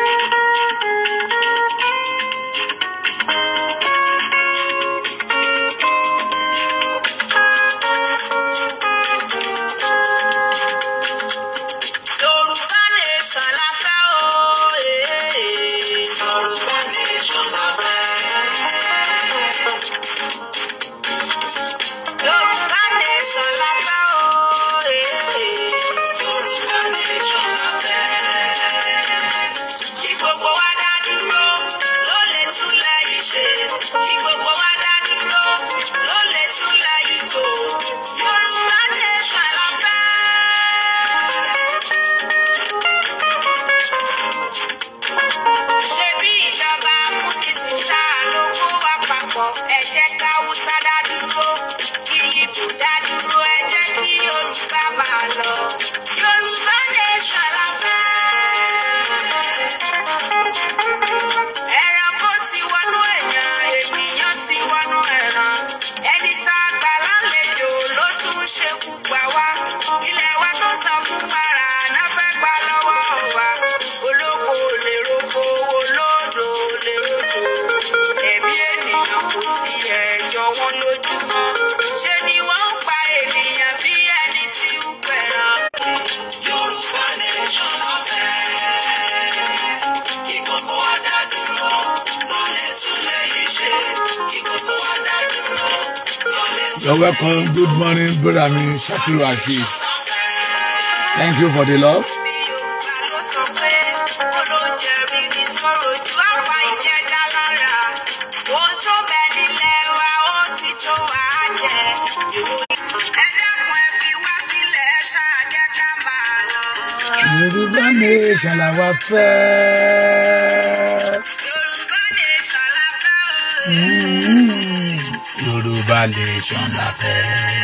you welcome. Good morning, brother Me, Shakiru Ashish. Thank you for the love. Yorùbá nation la wá fẹ́. Yorùbá nation la fẹ́.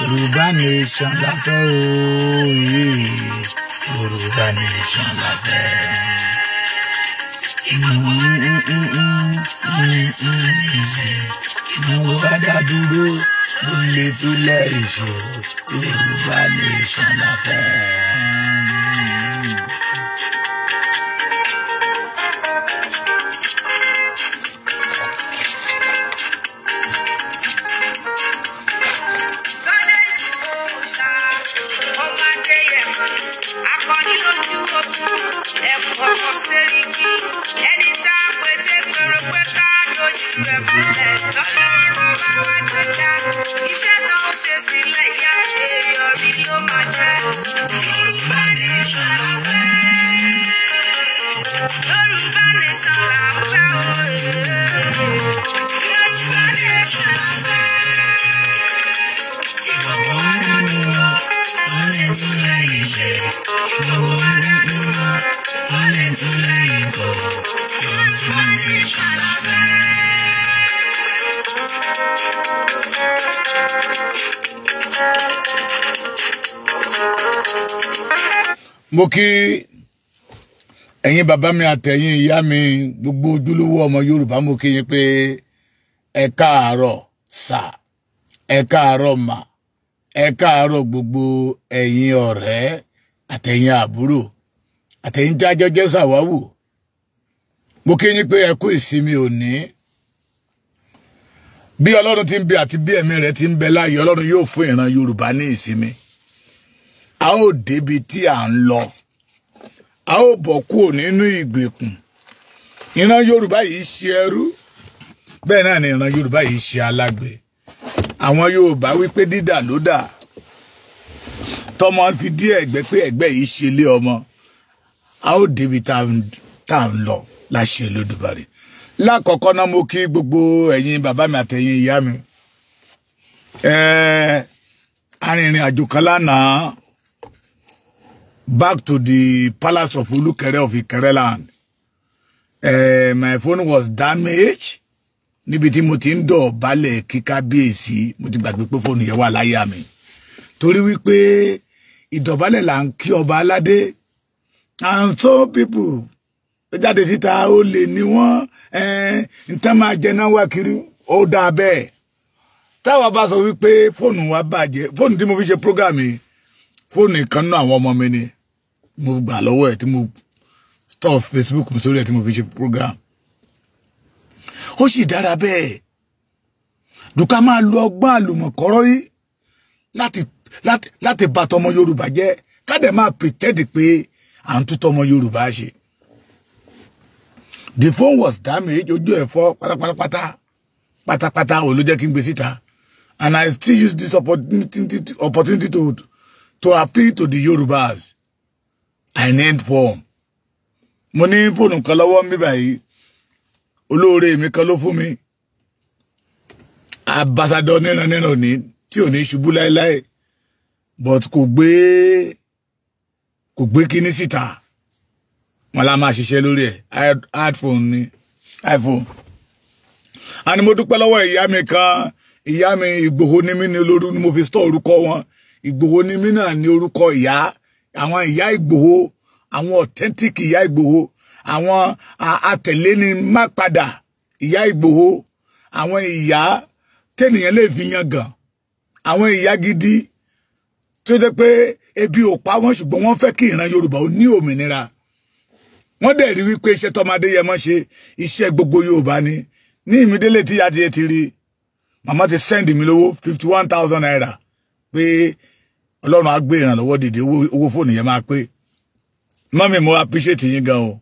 Yorùbá nation la fẹ́ ooo. Yorùbá nation la fẹ́. Ìmúwá dá dúró ló lè túlẹ̀ ìṣòro. Yorùbá nation la fẹ́. mo kí ẹ̀yin bàbá mi àtẹ̀yin ìyá mi gbogbo ojúlówó ọmọ Yorùbá mo kí yín pé ẹ káàárọ̀ sà ẹ káàárọ̀ mà ẹ káàárọ̀ gbogbo ẹ̀yin ọ̀rẹ́ àtẹ̀yin àbúrò àtẹ̀yin tí ṣàwáwò mo kí yín pé ẹ kú ìsinmi òní bí ọlọ́run ti ń bẹ àti bí ẹ̀mí rẹ̀ ti ń bẹ láàyè ọlọ́run yóò fún ìran yorùbá ní ìsinmi a ó débi tí à ń lọ a ó bọ̀ kúrò nínú ìgbèkùn ìran yorùbá yìí ṣe ẹrú bẹ́ẹ̀ náà ni ìran yorùbá yìí ṣe alágbe àwọn yorùbá wípé dídà ló dà tọmọ fi dí ẹ̀gbẹ́ pé ẹ̀gbẹ́ yìí ṣe lé ọmọ a ó débi tá à ń lọ láṣẹ lódùbarè lákọ̀ọ́kọ́ náà mo kí gbogbo ẹ̀yin bàbá mi àtẹ̀yin ìyá mi eh, arìnrìn àjò kan lánàá back to the palace of Olúkẹrẹ of Ìkẹrẹland eh, my phone was damaged níbi tí mo ti ń dọ̀ balẹ̀ kíká bíyèsí mo ti gbàgbé pé fóònù yẹn wà láyà mi torí wípé ìdọ̀bálẹ̀ là ń kí ọba aládé and so people tó jáde síta ó lè ní wọ́n nǹkan máa jẹ náà wá kiri ó dáa bẹ́ẹ̀ táwa bá sọ wípé fóònù wa bàjẹ́ fóònù tí mo fi ṣe program yìí fóònù ìkan náà àwọn ọmọ mi ni mo gbà lọ́wọ́ ẹ̀ tí mo stop Facebook mi sórí ẹ̀ tí mo fi ṣe program ó sì dára bẹ́ẹ̀ dùkà máa lo ọgbọ́n àlùmọ̀kọ́rọ́ yìí láti láti láti bà tọmọ Yorùbá jẹ́ ká dẹ̀ máa pretend pé à ń tún tọmọ Yorùbá ṣe the phone was damaged ojú ẹ̀ fọ́ pátápátá pátápátá òun ló jẹ́ kí n gbé síta and I still use this opportunity, opportunity to, to appeal to the Yorubas I need phone mo ní fóònù kan lọ́wọ́ mi báyìí olóore mi kan ló fún mi abasadọ níran níran ní tí ò ní ṣubú láéláé but kò gbé kò gbé kíní síta wọn la máa ṣiṣẹ́ lórí ẹ̀ iphone ni iphone àni mo dúpẹ́ lọ́wọ́ ìyá mi kan ìyá mi ìgbòho ní mí ni olórí ni mo fi stọ orúkọ wọn ìgbòho ní mí náà ní orúkọ ìyá àwọn ìyá ìgbòho àwọn authentic ìyá ìgbòho àwọn atẹ̀lé ni má padà ìyá ìgbòho àwọn ìyá tẹ́nìyàn lè fi yan gàn àwọn ìyá gidi tó jẹ́ pé ebi ò pa wọ́n ṣùgbọ́n wọ́n fẹ́ kí ìran Yorùbá ó ní òmìnira wọ́n dẹ̀ rí wípé iṣẹ́ tọ́mọdé yẹ mọ́ ṣe iṣẹ́ gbogbo Yorùbá ni ní ìmídélé tí adìyẹ ti rí màmá ti send mi lówó fifty one thousand naira pé Ọlọ́run á gbé ìrànlọ́wọ́ dìde owó fóònù yẹn máa pé mọ́mí mo appreciate yín gan o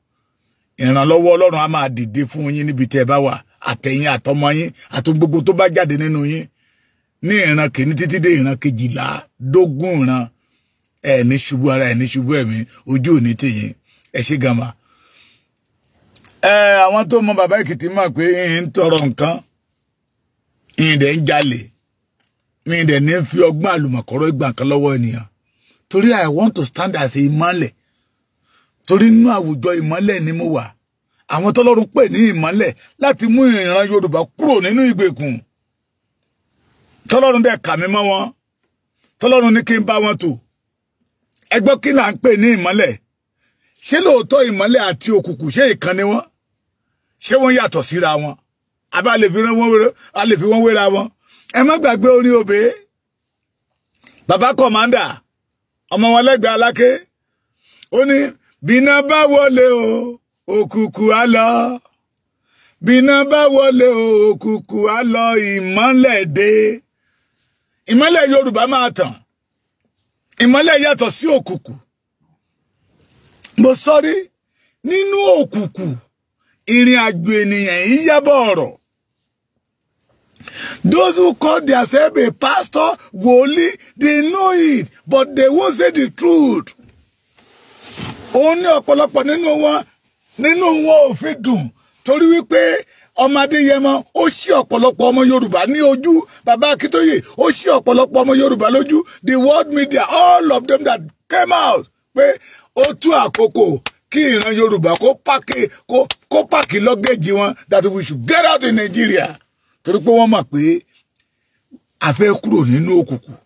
ìrànlọ́wọ́ Ọlọ́run á máa dìde fún yín níbi tẹ́ ẹ bá wà àtẹ̀yìn àtọmọ yín àti gbogbo tó bá jáde nínú yín ní ìran kìíní títí dé ìran kejìlá dógún ìran ẹ̀ ní ṣubú ara ẹ̀ ní ṣubú ẹ̀mí ojú òní tìyín ẹ ṣé gàmà àwọn tó mọ bàbá Èkìtì mọ̀ pé ń tọrọ nǹkan ìdẹ̀ ń jalè mi ìdẹ̀ ní fi ọgbọ́n àlùmọ̀kọ́rọ́ ìgbà kan lọ́wọ́ ènìyàn torí I want to stand as ìmọ́lẹ̀ torí nínú àwùjọ ìmọ́lẹ̀ ni mo wà àwọn tọ́lọ́run pè ní ìmọ́lẹ̀ láti mú ìran Yorùbá kúrò nínú ìgbèkùn tọ́lọ́run dẹ̀ kà mí mọ́ wọn tọ́lọ́run ní kí n bá wọn tò ẹgbẹ́ kí là ń pè ní ìmọ́lẹ̀ ṣé lóòótọ́ ìmọ́lẹ̀ àti òkùnkùn ṣé ìkan ni ṣé wọ́n yàtọ̀ síra wọn àbí a lè fi wọ́n wéré a lè fi wọ́n wéra wọn ẹ má gbàgbé orin òbé bàbá kọ̀mándà ọmọ wọn lẹ́gbẹ̀ẹ́ aláké ó ní bíná bá wọlé o òkùnkùn á lọ bíná bá wọlé o òkùnkùn á lọ ìmọ́lẹ̀ dé ìmọ́lẹ̀ yorùbá máa tàn ìmọ́lẹ̀ yàtọ̀ sí òkùnkùn mo sọ nínú òkùnkùn ìrìn àjò ènìyàn yìí yábọ̀ ọ̀rọ̀ Those who call themselves a pastor, wòlíì, they know it, but they won't say the truth. Òun ní ọ̀pọ̀lọpọ̀ nínú wọn nínú wọn ò fi dùn torí wípé ọmọ Adéyẹmọ ó ṣí ọ̀pọ̀lọpọ̀ ọmọ Yorùbá ní ojú bàbá Akíntóyè ó ṣí ọ̀pọ̀lọpọ̀ ọmọ Yorùbá lójú the world media all of them that came out pé ó tú àkókò kí ìran Yorùbá kó pàkì kó kó pàkì lọ́gẹ́jì wọn that we should get out in Nigeria torí pé wọ́n mọ̀ pé a fẹ́ kúrò nínú òkùnkùn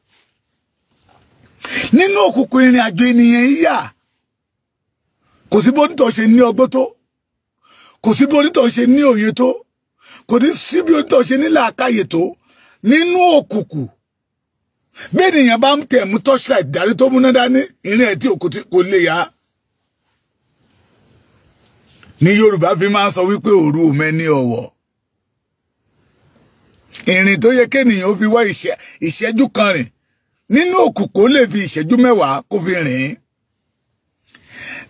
nínú òkùnkùn ìrìn àjò ènìyàn yíyà kò sí bóńtọ̀ ṣe ní ọgbọ́n tó kò sí bóńtọ̀ ṣe ní òye tó kò ní sí bóńtọ̀ ṣe ní làákàyè tó nínú òkùnkùn bẹ́ẹ̀ nìyẹn bá ń tẹ̀ mú torchlight darí tó múná dání ìrìn ẹ̀ tí kò lè yá. Ni Yorùbá fi máa ń sọ wípé òru mẹ́ni ọ̀wọ̀ ìrìn tó yẹ kéènìyàn ó fi wá ìṣẹ́jú kan rìn nínú òkùnkùn ó lè fi ìṣẹ́jú mẹ́wàá kó fi rìn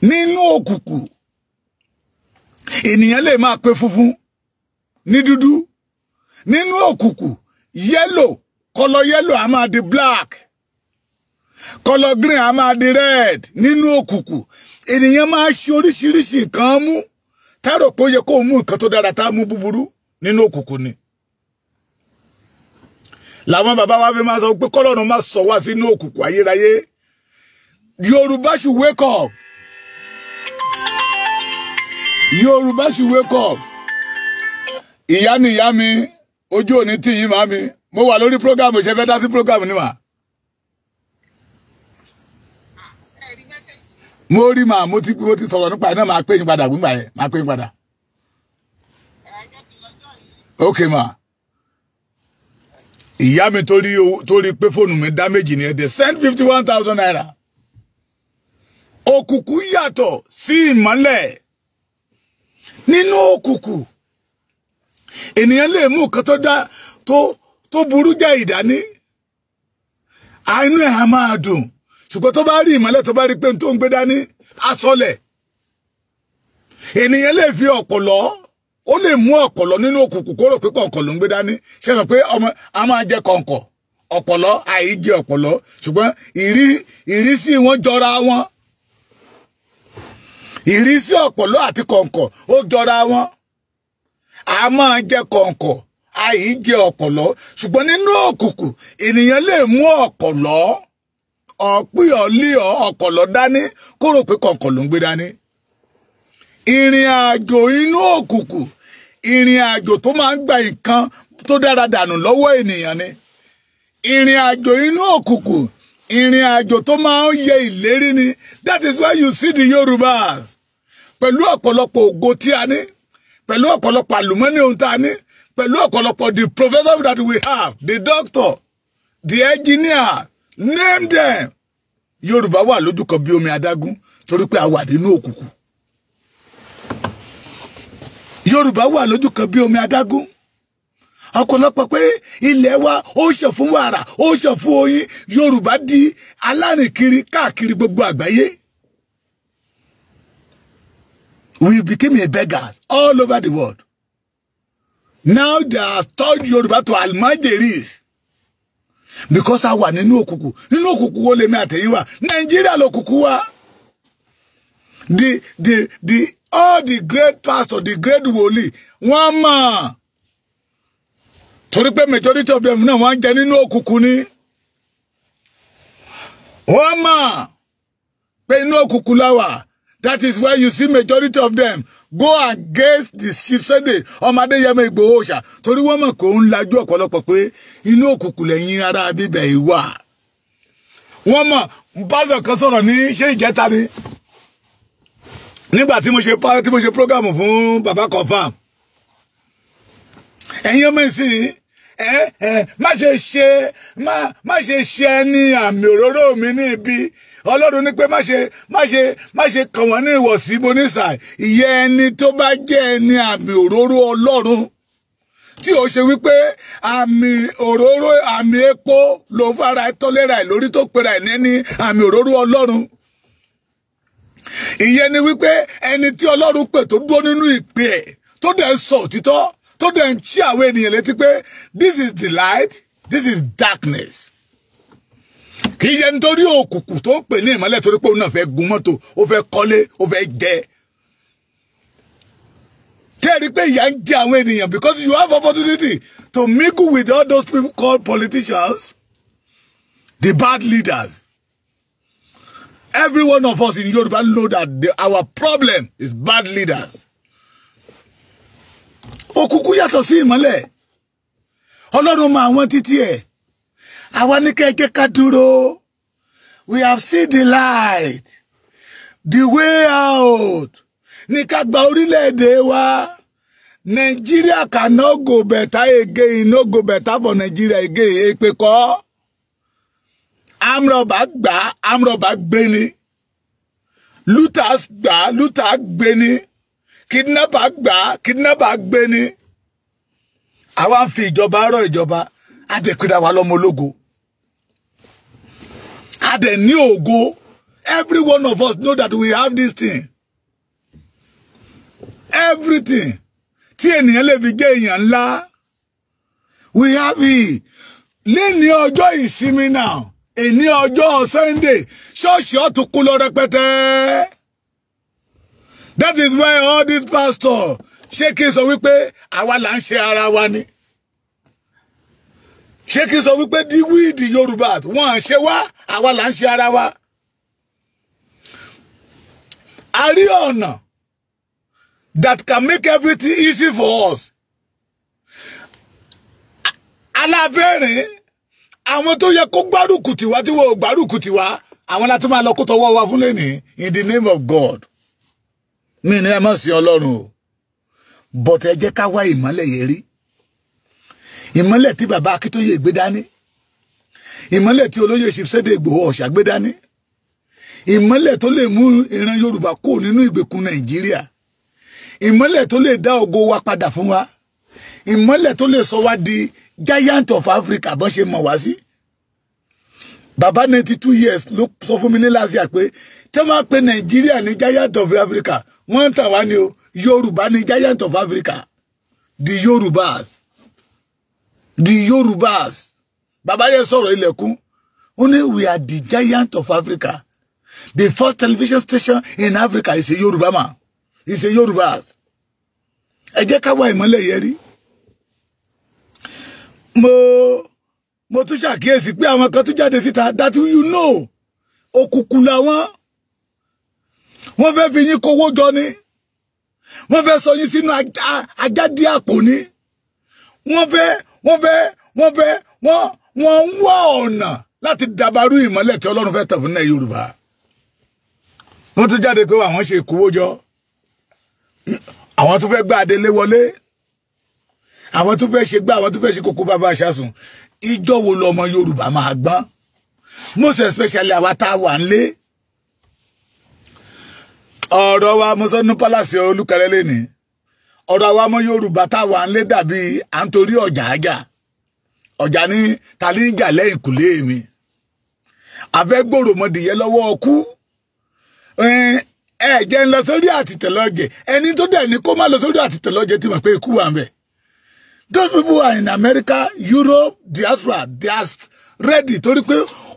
nínú òkùnkùn ènìyàn lè máa pe funfun ní dúdú nínú òkùnkùn yẹ́lò kọlọ yẹ́lò á máa di black kọlọ green á máa di red nínú òkùnkùn ènìyàn máa ṣe oríṣiríṣi nǹkan mú tárò pé ó yẹ kó mú nǹkan tó dára tá mú búburú nínú òkùnkùn ni làwọn bàbá wa fi máa sọ pé kọ́lọ́run má sọ wá sínú òkùnkùn ayérayé Yorùbá should wake Yorùbá should wake ìyá ni ìyá mi ojú òní tì yín màá mi mo wà lórí program ìṣẹ́fẹ́ dá sí program ni mà. mo rí ma mo ti mo ti sọ̀rọ̀ nípa ẹ̀ náà máa pè yín padà gbígbà yẹn padà. ma ìyá mi torí tori pé fóònù mi dá méjì ni send fifty naira okuku yàtọ̀ sí ìmọ́lẹ̀ nínú okuku. ènìyàn lè mú ṣùgbọ́n tó bá rí ìmọ́lẹ̀ tó bá rí pé tó ń gbé dání asọ́lẹ̀ ènìyàn lè fi ọ̀pọ̀lọ́ ó lè mú ọ̀pọ̀lọ́ nínú òkùnkùn kó rò pé kọ̀ǹkọ̀ ló ń gbé dání ṣe mọ̀ pé ọmọ a máa jẹ kọ̀ǹkọ̀ ọ̀pọ̀lọ́ àìjẹ ọ̀pọ̀lọ́ ṣùgbọ́n ìrísí wọn jọra wọn ìrísí ọ̀pọ̀lọ́ àti kọ̀ǹkọ̀ ó jọra wọn a máa jẹ kọ̀ǹkọ̀ àìjẹ ọ̀pọ̀lọ́ ṣùgbọ́n nínú òkùnkùn ènìyàn lè mú ọ̀pọ̀lọ́ ọ̀pẹ́ ọ̀lẹ́ ọkọ̀ lọ dání kó rò pé kọ̀ọ̀kan ló ń gbé dání. ìrìn àjò inú òkùnkùn ìrìn àjò tó máa ń gba nǹkan tó dára dànù lọ́wọ́ ènìyàn ni ìrìn àjò inú òkùnkùn ìrìn àjò tó máa ń yẹ ìlérí ni that is why you see the Yorùbás pẹ̀lú ọ̀pọ̀lọpọ̀ ògo tí a ní pẹ̀lú ọ̀pọ̀lọpọ̀ àlùmọ́nì ohun tá a ní pẹ̀lú ọ̀pọ̀lọpọ̀ the professor that we have the doctor the engineer name them yoruba wa lójú kan bi omi adagun torí pe awa wà nínú Yoruba wa lójú kan bi omi adagun ọ̀pọ̀lọpọ̀ pe ilẹ̀ wa ó ṣàn fún wàrà ó ṣàn fún oyin yorùbá di alárìnkiri gbogbo agbaye. we became a beggars all over the world now they have turned yoruba to almajiris. because a wà nínú òkùnkùn nínú òkùnkùn wo lèmi àtẹ̀yìn wà nàìjíríà lòkùnkùn wa the the the all the great pastor the great Woli, wọ́n mọ̀ torí pé majority of them náà wọ́n ń jẹ nínú ni wọ́n mọ̀ pé inú òkùnkùn la wà That is why you see majority of them go against the chief Sunday ọmọdé Yẹmí Ìgbòho ṣá torí wọ́n mọ̀ kó ń lajú ọ̀pọ̀lọpọ̀ pé inú òkùnkùn lẹ́yìn ara bíbẹ̀ ìwà. Wọ́n mọ̀ pásọ̀ kan sọ̀rọ̀ ní ṣé ìjẹta ni nígbà tí mo ṣe tí mo ṣe program fún baba confam ẹ̀yin ọmọ ìsìn ẹ ẹ má ṣe ṣe má má ṣe ṣe ẹni àmì òróró mi ní ibi ọlọ́run ní pé má ṣe má ṣe má ṣe kàn wọ́n ní ìwọ̀sí bonisa ìyẹn ẹni tó bá jẹ́ ẹni àmì òróró ọlọ́run tí o ṣe wípé àmì òróró àmì epo ló fara tọ́lẹ́ra ẹ̀ lórí tó pera ẹ̀ ní àmì òróró ọlọ́run ìyẹn ni wípé ẹni tí ọlọ́run pè tó dúró nínú ìpè ẹ̀ tó dẹ̀ ń sọ òtítọ́ tó dẹ̀ ń ṣí àwọn ènìyàn létí pé this is the light this is darkness kì í ṣe nítorí òkùnkùn tó ń pè ní ìmọ́lẹ̀ torí pé òun náà fẹ́ gun mọ́tò ó fẹ́ kọ́lé ó fẹ́ jẹ tẹ́ẹ̀rí pé ìyà ń jẹ àwọn ènìyàn because you have opportunity to mingle with all those people called politicians the bad leaders every one of us in Yoruba know that the, our problem is bad leaders òkùnkùn yàtọ̀ sí ìmọ́lẹ̀ ọlọ́run mọ àwọn títí ẹ̀ àwa ní kẹ́kẹ́ ká dúró we have seen the light the way out ní ká gba orílẹ̀-èdè wa Nigeria cannot go better again no go better for Nigeria again èpè kọ́ amrọ̀bà gbà amrọ̀bà gbéni Luther gbà Luther gbéni kidnapper gbà kidnapper gbéni àwa ń fi ìjọba rọ ìjọba a dẹ̀ pera wa lọ́mọ ológo a dẹ̀ ní ògo every one of us know that we have this thing everything tí ènìyàn lè fi gé èèyàn ńlá we have it léni ọjọ́ ìsinmi now. èní ọjọ́ sunday ṣọ́ọ̀ṣì ọ̀tún kú lọ rẹpẹtẹ that is why all these pastors ṣé kí n sọ wípé àwa là ń ṣe ara wa ni ṣé kí n sọ wípé díwìdì yorùbá wọn ṣe wá àwa là ń ṣe ara wa a rí ọ̀nà that can make everything easy for us alábẹ́rìn àwọn tó yẹ kó gbárùkù tiwa tí wọn ò gbárùkù tiwa àwọn la tún máa lọ kó tọwọ́ wa fún lẹ́nìí in the name of God mi ní ẹ má sìn ọlọ́run o but ẹ jẹ́ ká wá ìmọ́lẹ̀ yẹn ìmọ́lẹ̀ tí bàbá Akíntóyè gbé dání ìmọ́lẹ̀ tí olóyè Ṣèyí Ìgbòho Ọ̀ṣà gbé dání ìmọ́lẹ̀ tó lè mú ìran Yorùbá kó nínú ìgbèkùn Nàìjíríà ìmọ́lẹ̀ tó lè dá ògo wa padà fún wa ìmọ́lẹ̀ tó lè sọ wá di giant of Africa bọ́n ṣe mọ̀ wá sí. bàbá ninety two years ló sọ fún mi ní last year pé tẹ́ máa pe Nàìjíríà ní giant of Africa wọ́n ń tàn wá ní o Yorùbá ní giant of Africa the Yorùbás the Yorubas Baba yẹn sọ̀rọ̀ ilẹ̀kùn ó we are the giant of Africa the first television station in Africa is a Yoruba man It's a Yorubas ẹ jẹ́ ká wá mo mo tún ṣàkíyèsí pé àwọn kan tún jáde síta that you know òkùnkùn làwọn wọ́n fẹ́ fi yín kówó jọ ni wọ́n fẹ́ sọ yín sínú ajá dí wọ́n fẹ́ wọ́n fẹ́ wọ́n wọ́n ń wá ọ̀nà láti dàbàrú ìmọ́lẹ̀ tí Ọlọ́run fẹ́ tàn fún náà Yorùbá wọ́n tún jáde pé àwọn ṣe ìkówó jọ àwọn tún fẹ́ gba àdélé wọlé àwọn tún fẹ́ ṣe gbá àwọn tún fẹ́ ṣe kókó bàbá aṣáṣùn ìjọ wo lọmọ Yorùbá máa gbọ́n most especially àwa tá a wà nílé ọ̀rọ̀ wa mọ́sánú pálásì olúkẹrẹ́lẹ́ nìí ọ̀rọ̀ àwọn ọmọ Yorùbá táwa ń lé dàbí à ń torí ọ̀jà ájà ọ̀jà ní ta lẹ́yìn kùlé mi àfẹ́gbòrò mọ̀dìyẹ lọ́wọ́ ọkú ẹ jẹ́ ń lọ sórí àtìtẹ̀lọ́jẹ̀ ẹni tó dẹ̀ ní kó má lọ sórí àtìtẹ̀lọ́jẹ̀ ti mọ̀ pé ikú wà ń bẹ̀. Those people are in America, Europe, diaspora, diast ready torí pé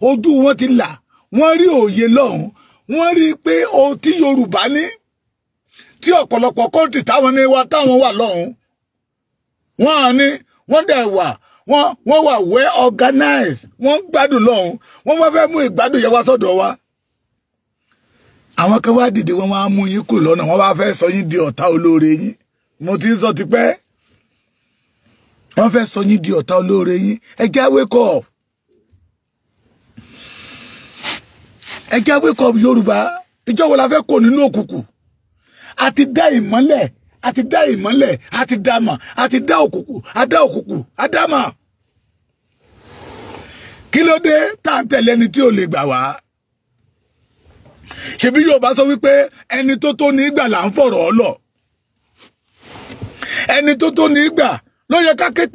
ojú wọn ti là wọ́n rí òye lọ́hùn-ún wọ́n rí pé ohun tí Yorùbá ní tí ọ̀pọ̀lọpọ̀ kọ́ńtì táwọn ní wa táwọn wà lọ́hùn wọ́n á ní wọ́n dẹ̀ wà wọ́n wọ́n wà well organized wọ́n gbádùn lọ́hùn wọ́n wá fẹ́ mú ìgbádùn yẹn wá sọ́dọ̀ wa. àwọn kan wá dìde wọn wá mú yín kúrò lọ́nà wọ́n wá fẹ́ sọ yín di ọ̀tá olóore yín mo ti ń sọ tipẹ́ wọ́n fẹ́ sọ yín di ọ̀tá olóore yín ẹ jẹ́ wake up ẹ jẹ́ wake up yorùbá ìjọ wo la fẹ́ kó nínú òkùnkùn a ti dá ìmọ́lẹ̀ a ti dá ìmọ́lẹ̀ a ti dá mọ̀ a ti dá òkùnkùn a dá òkùnkùn a dá mọ̀ kí ló dé tá à ń tẹ̀lé ẹni tí ò lè gbà wá ṣebí Yorùbá sọ wípé ẹni tó tó ní ìgbà là ń fọ̀rọ̀ ọ lọ ẹni tó tó ní ìgbà ló yẹ ká ké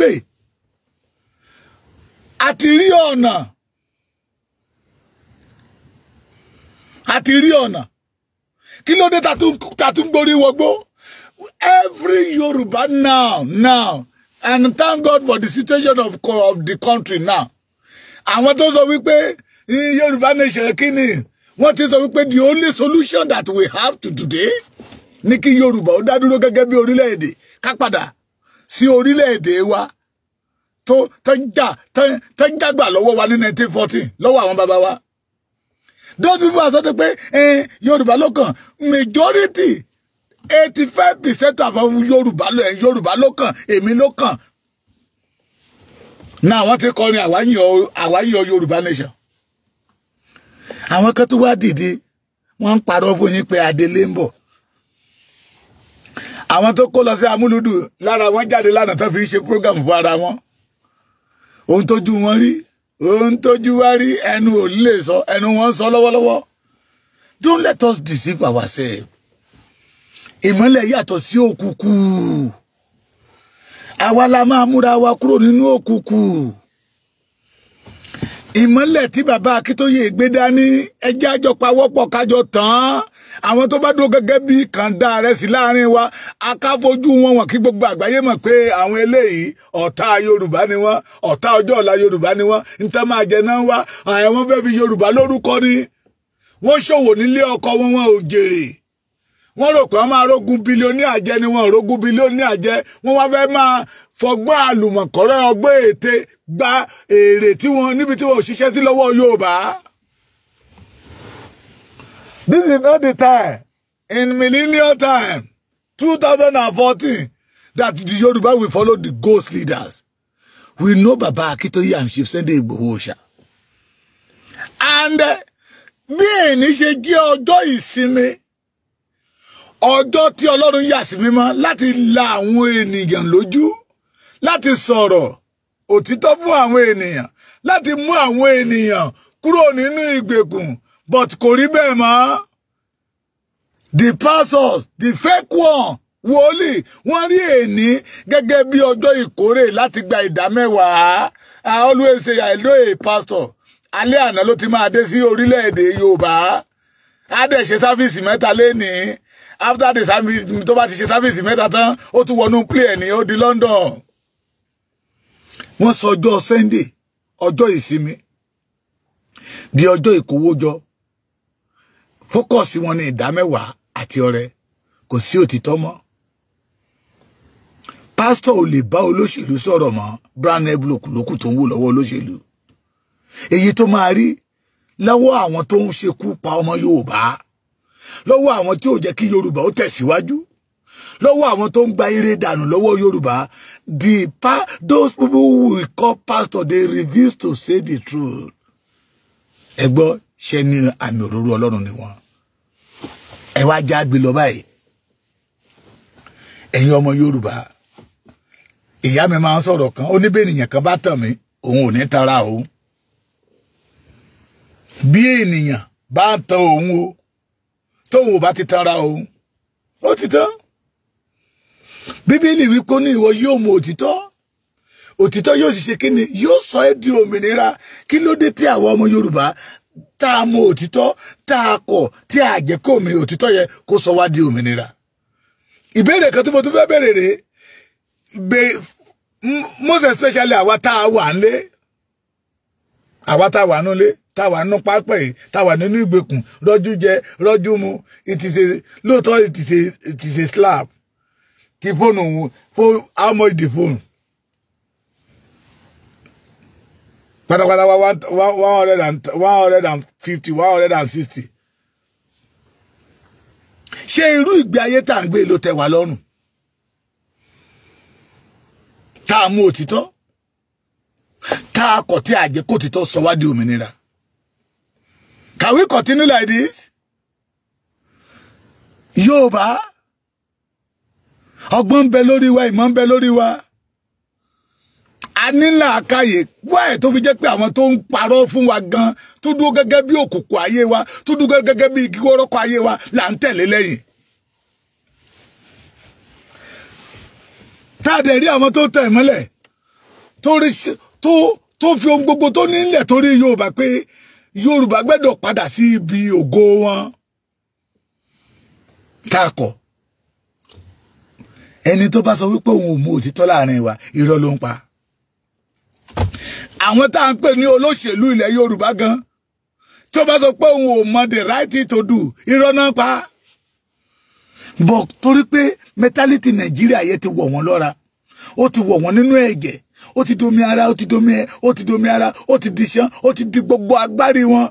àti rí ọ̀nà àti rí ọ̀nà kí ló dé ta tún gborí wọgbó every Yoruba now now and thank God for the situation of, of the country now àwọn tó sọ wípé Yoruba nation kíni wọ́n ti sọ wípé the only solution that we have to today ní kí Yorùbá ó dá dúró gẹ́gẹ́ bí orílẹ̀-èdè ká padà sí orílẹ̀-èdè wa tó tẹ́jà tẹ́jàgbà lọ́wọ́ wa ní 1914 lọ́wọ́ àwọn bàbá wa those people are sọ pé eh, yorùbá ló kàn majority eighty five percent of yorùbá ló eh, yorùbá ló kàn èmi ló kàn náà wọ́n ti kọrin àwáyọ yorùbá nation àwọn kan tó wá dìde wọ́n ń parọ́ fún yín pé adélé ń bọ̀ àwọn tó kó lọ sí amúlùdù lára wọn jáde lánàá tó fi ṣe program fún ara wọn ohun tójú wọn rí ohun tójú wá rí ẹnu ò lè sọ ẹnu wọn sọ lọ́wọ́lọ́wọ́ don't let us deceive ourselves ìmọ́lẹ̀ yàtọ̀ sí òkùnkùn àwa la máa múra wa kúrò nínú òkùnkùn ìmọ́lẹ̀ tí bàbá akíntóye gbé dání ẹjẹ́ àjọ pawọ́pọ̀ kájọ tán àwọn tó bá dúró gẹ́gẹ́ bí kàńdá rẹ̀ sí láàrin wa akáfojú wọn wọn kí gbogbo àgbáyé mọ̀ pé àwọn eléyìí ọ̀tá yorùbá ni wọ́n ọ̀tá ọjọ́ ọ̀la yorùbá ni wọ́n níta máa jẹ náà wá àwọn fẹ́ fi yorùbá lórúkọ ni wọ́n ṣòwò nílé ọkọ wọn wọn ò jèrè wọ́n rò pé wọ́n máa rógun bílíọ̀nì àjẹ ni wọ́n rógun bílíọ̀nì àjẹ wọ́n wá fẹ́ máa fọgbọ́n àlùmọ̀kọ́rẹ́ ọgbọ́n ète gba èrè tí wọ́n níbi tí wọ́n ṣiṣẹ́ sí lọ́wọ́ Yorùbá. This is not the time in millennial time 2014 that the Yoruba will follow the ghost leaders. We know Baba Akintoye and Chief Sunday Igboho Oòṣà. And bí èyí ṣe jẹ́ ọjọ́ ìsinmi ọjọ́ tí ọlọ́run yà sí mímọ́ láti la àwọn ènìyàn lójú láti sọ̀rọ̀ òtítọ́ fún àwọn ènìyàn láti mú àwọn ènìyàn kúrò nínú ìgbèkùn but kò rí bẹ́ẹ̀ mọ́ the pastors the fake one wòlíì wọ́n rí èní gẹ́gẹ́ bí ọjọ́ ìkórè láti gba ìdá mẹ́wàá i always say i know a pastor alẹ́ àná ló ti máa dé sí orílẹ̀-èdè yorùbá adẹ̀ṣe sáfíìsì mẹ́ta lénìí after the service tó bá ti ṣe service mẹ́ta tán ó tún wọnú play ẹ̀ ní ó di London wọ́n sọ ọjọ́ Sunday ọjọ́ ìsinmi di ọjọ́ ìkówójọ fókọ̀sì wọn ní ìdámẹ́wàá àti ọrẹ kò sí òtítọ́ mọ́ pásítọ̀ ò lè bá olóṣèlú sọ̀rọ̀ mọ́ brown eblock lókù tó ń wò lọ́wọ́ olóṣèlú èyí tó máa rí lọ́wọ́ àwọn tó ń ṣekú pa ọmọ Yorùbá lọ́wọ́ àwọn tí ò jẹ́ kí Yorùbá ó tẹ̀síwájú lọ́wọ́ àwọn tó ń gba eré dànù lọ́wọ́ Yorùbá the pa those people we call pastor they refuse to say the truth ẹ gbọ́ ṣe ni àmì òróró Ọlọ́run ni wọ́n ẹ wá já gbé lọ báyìí ẹ̀yin ọmọ Yorùbá ìyá mi máa ń sọ̀rọ̀ kan ó ní bí ènìyàn kan bá tàn mí òun ò ní tara òun bí ènìyàn bá tan òun o tóun ò bá ti tanra o ó ti tán bíbélì wípé ní ìwọ yóò mọ òtítọ́ òtítọ́ yóò sì ṣe kíni yóò sọ ẹ́ di òmìnira kí ló dé tí àwọn ọmọ yorùbá tá a mọ òtítọ́ tá a kọ̀ tí a jẹ́ kó mi òtítọ́ yẹ kó sọ wá di òmìnira ìbéèrè kan tí mo tún fẹ́ bẹ̀rẹ̀ rèé most especially àwa tá a wà nílé àwa tá a wà nílé táwa nínú pápẹ́ yìí táwa nínú ìgbèkùn rọ́jú jẹ rọ́jú mu it is a lóòótọ́ it is a it is a slap ti fóònù òun fóònù how much the phone pátápátá wa one hundred and one hundred and fifty one hundred and sixty ṣé irú ìgbé ayé tá à ń gbé ló tẹ́ wa lọ́rùn tá a mú òtítọ́ tá a kọ̀ tí a jẹ́ kó òtítọ́ sọ wá di òmìnira. Can we continue like this? Yoba? ọgbọ́n ń bẹ lórí wa ìmọ̀ ń bẹ lórí wa a ní làákàyè wá To tó fi jẹ́ pé àwọn tó ń parọ́ fún wa gan tó dúró gẹ́gẹ́ bí òkùnkùn ayé wa To dúró gẹ́gẹ́ bí igi wọ́rọ́kọ ayé wa là ń tẹ̀lé lẹ́yìn. tá a dẹ̀ rí àwọn tó tẹ̀ mọ́lẹ̀ tó fi ohun gbogbo tó ní ilẹ̀ torí Yorùbá pé yorùbá gbẹ́dọ̀ padà sí ibi ògo wọn tá a kọ̀ ẹni tó bá sọ wípé òun ò mú òtítọ́ láàrin wa irọ́ ló ń pa àwọn tá à ń pè ní olóṣèlú ilẹ̀ yorùbá gan tó bá sọ pé òun ò mọ the right thing to do irọ́ náà pa bọ̀ torí pé mẹ́tálítì nàìjíríà yẹn ti wọ̀ wọ́n lọ́ra ó ti wọ̀ wọ́n nínú ẹ̀jẹ̀ ó ti domi ara ó ti domi ẹ ó ti domi ara ó ti di ṣan ó ti di gbogbo agbárí wọn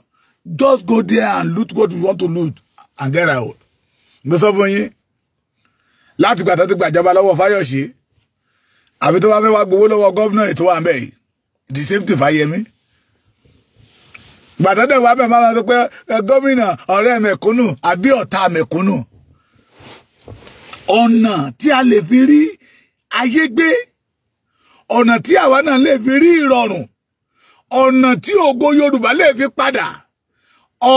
just go there and loot what you want to loot and get out. mo sọ fún yín láti gbàtà ti gbàjọba lọ́wọ́ Fáyọ̀ṣé àbí tó bá fẹ́ wá gbowó lọ́wọ́ gọ́vnà ètò wa mẹ́yì the same thing Fáyẹmí gbàtà dẹ̀ wá bẹ̀ máa sọ pé eh, gómìnà ọ̀rẹ́ mẹ̀kúnnù àbí ọ̀tá mẹ̀kúnnù ọ̀nà tí a lè fi rí ayé gbé ọ̀nà tí àwa náà lè fi rí ìrọ̀rùn ọ̀nà tí ògo Yorùbá lè fi padà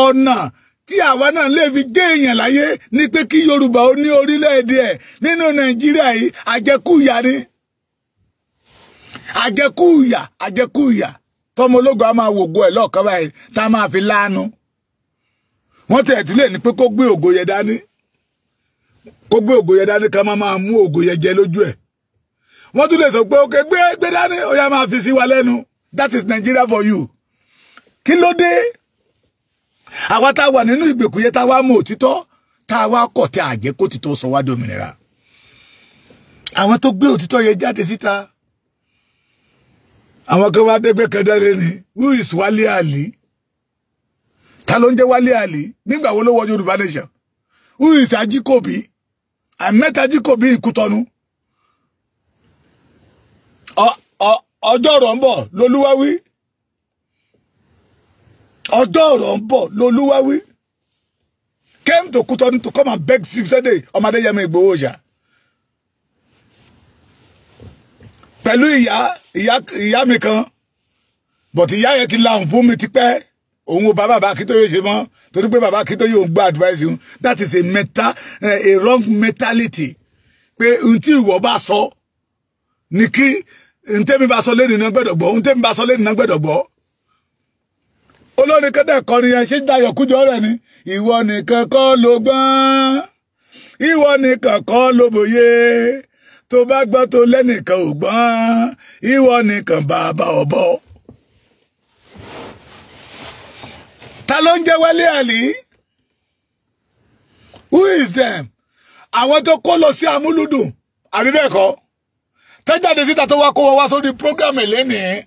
ọ̀nà tí àwa náà lè fi gé èèyàn láyé ní pé kí Yorùbá ó ní orílẹ̀-èdè ẹ̀ nínú Nàìjíríà yìí àjẹkúyà ni a fi wọ́n tẹ̀ lè ní pé kó gbé ògo yẹ dání kó gbé ògo yẹ dání ká máa máa mú ògo wọ́n tún lè sọ pé òkè gbé gbé dání ó yá máa fi sí wa lẹ́nu that is Nigeria for you kí ló dé àwa tá a wà nínú ìgbèkùyé tá a wá mọ òtítọ́ tá a wá kọ̀ tí a jẹ́ kó títọ́ sọ wá dòmìnira àwọn tó gbé òtítọ́ yẹn jáde síta àwọn kan wá dẹ́gbẹ́ kan dáre ni who is Wálé Àlì ta ló ń jẹ́ Wálé Àlì nígbà wo ló wọ Yorùbá nation who is Ajikobi? I met Ajíkòbí Ìkútọ́nu ọjọ́ ọ̀rọ̀ ń bọ̀ lolúwáwí ọjọ́ ọ̀rọ̀ ń bọ̀ lolúwáwí came to Kutonu to come and beg Chief Sunday Ọmọdéyẹmí Ìgbòho Ọ̀ṣà pẹ̀lú ìyá ìyá ìyá mi kan but ìyá yẹn ti lahùn fún mi tipẹ́ òun ò bá bàbá Akíntóyè ṣe mọ́ torí pé bàbá Akíntóyè òun gba advice òun that is a meta eh, a wrong mentality pé ohun tí ìwọ bá sọ ni kí ntẹ́mi bá sọ lẹ́nu náà gbẹ́dọ̀ gbọ́ ntẹ́mi bá sọ lẹ́nu náà gbẹ́dọ̀ gbọ́ olórin kẹ́tẹ́ kọrin yẹn ṣé dayọ̀ kújọ rẹ̀ ni ìwọ nìkan kọ́ ló gbọ́n ìwọ nìkan kọ́ ló bòye tó bá gbọ́ tó lẹ́nìkan ò gbọ́n ìwọ nìkan bàbá ọ̀bọ. ta ló ń jẹ́ wálé àlì who is them àwọn tó kó lọ sí amúlùdùn àbí bẹ́ẹ̀ kọ́ tẹ́jáde síta tó wá kó wọn wá sórí program lẹ́nìí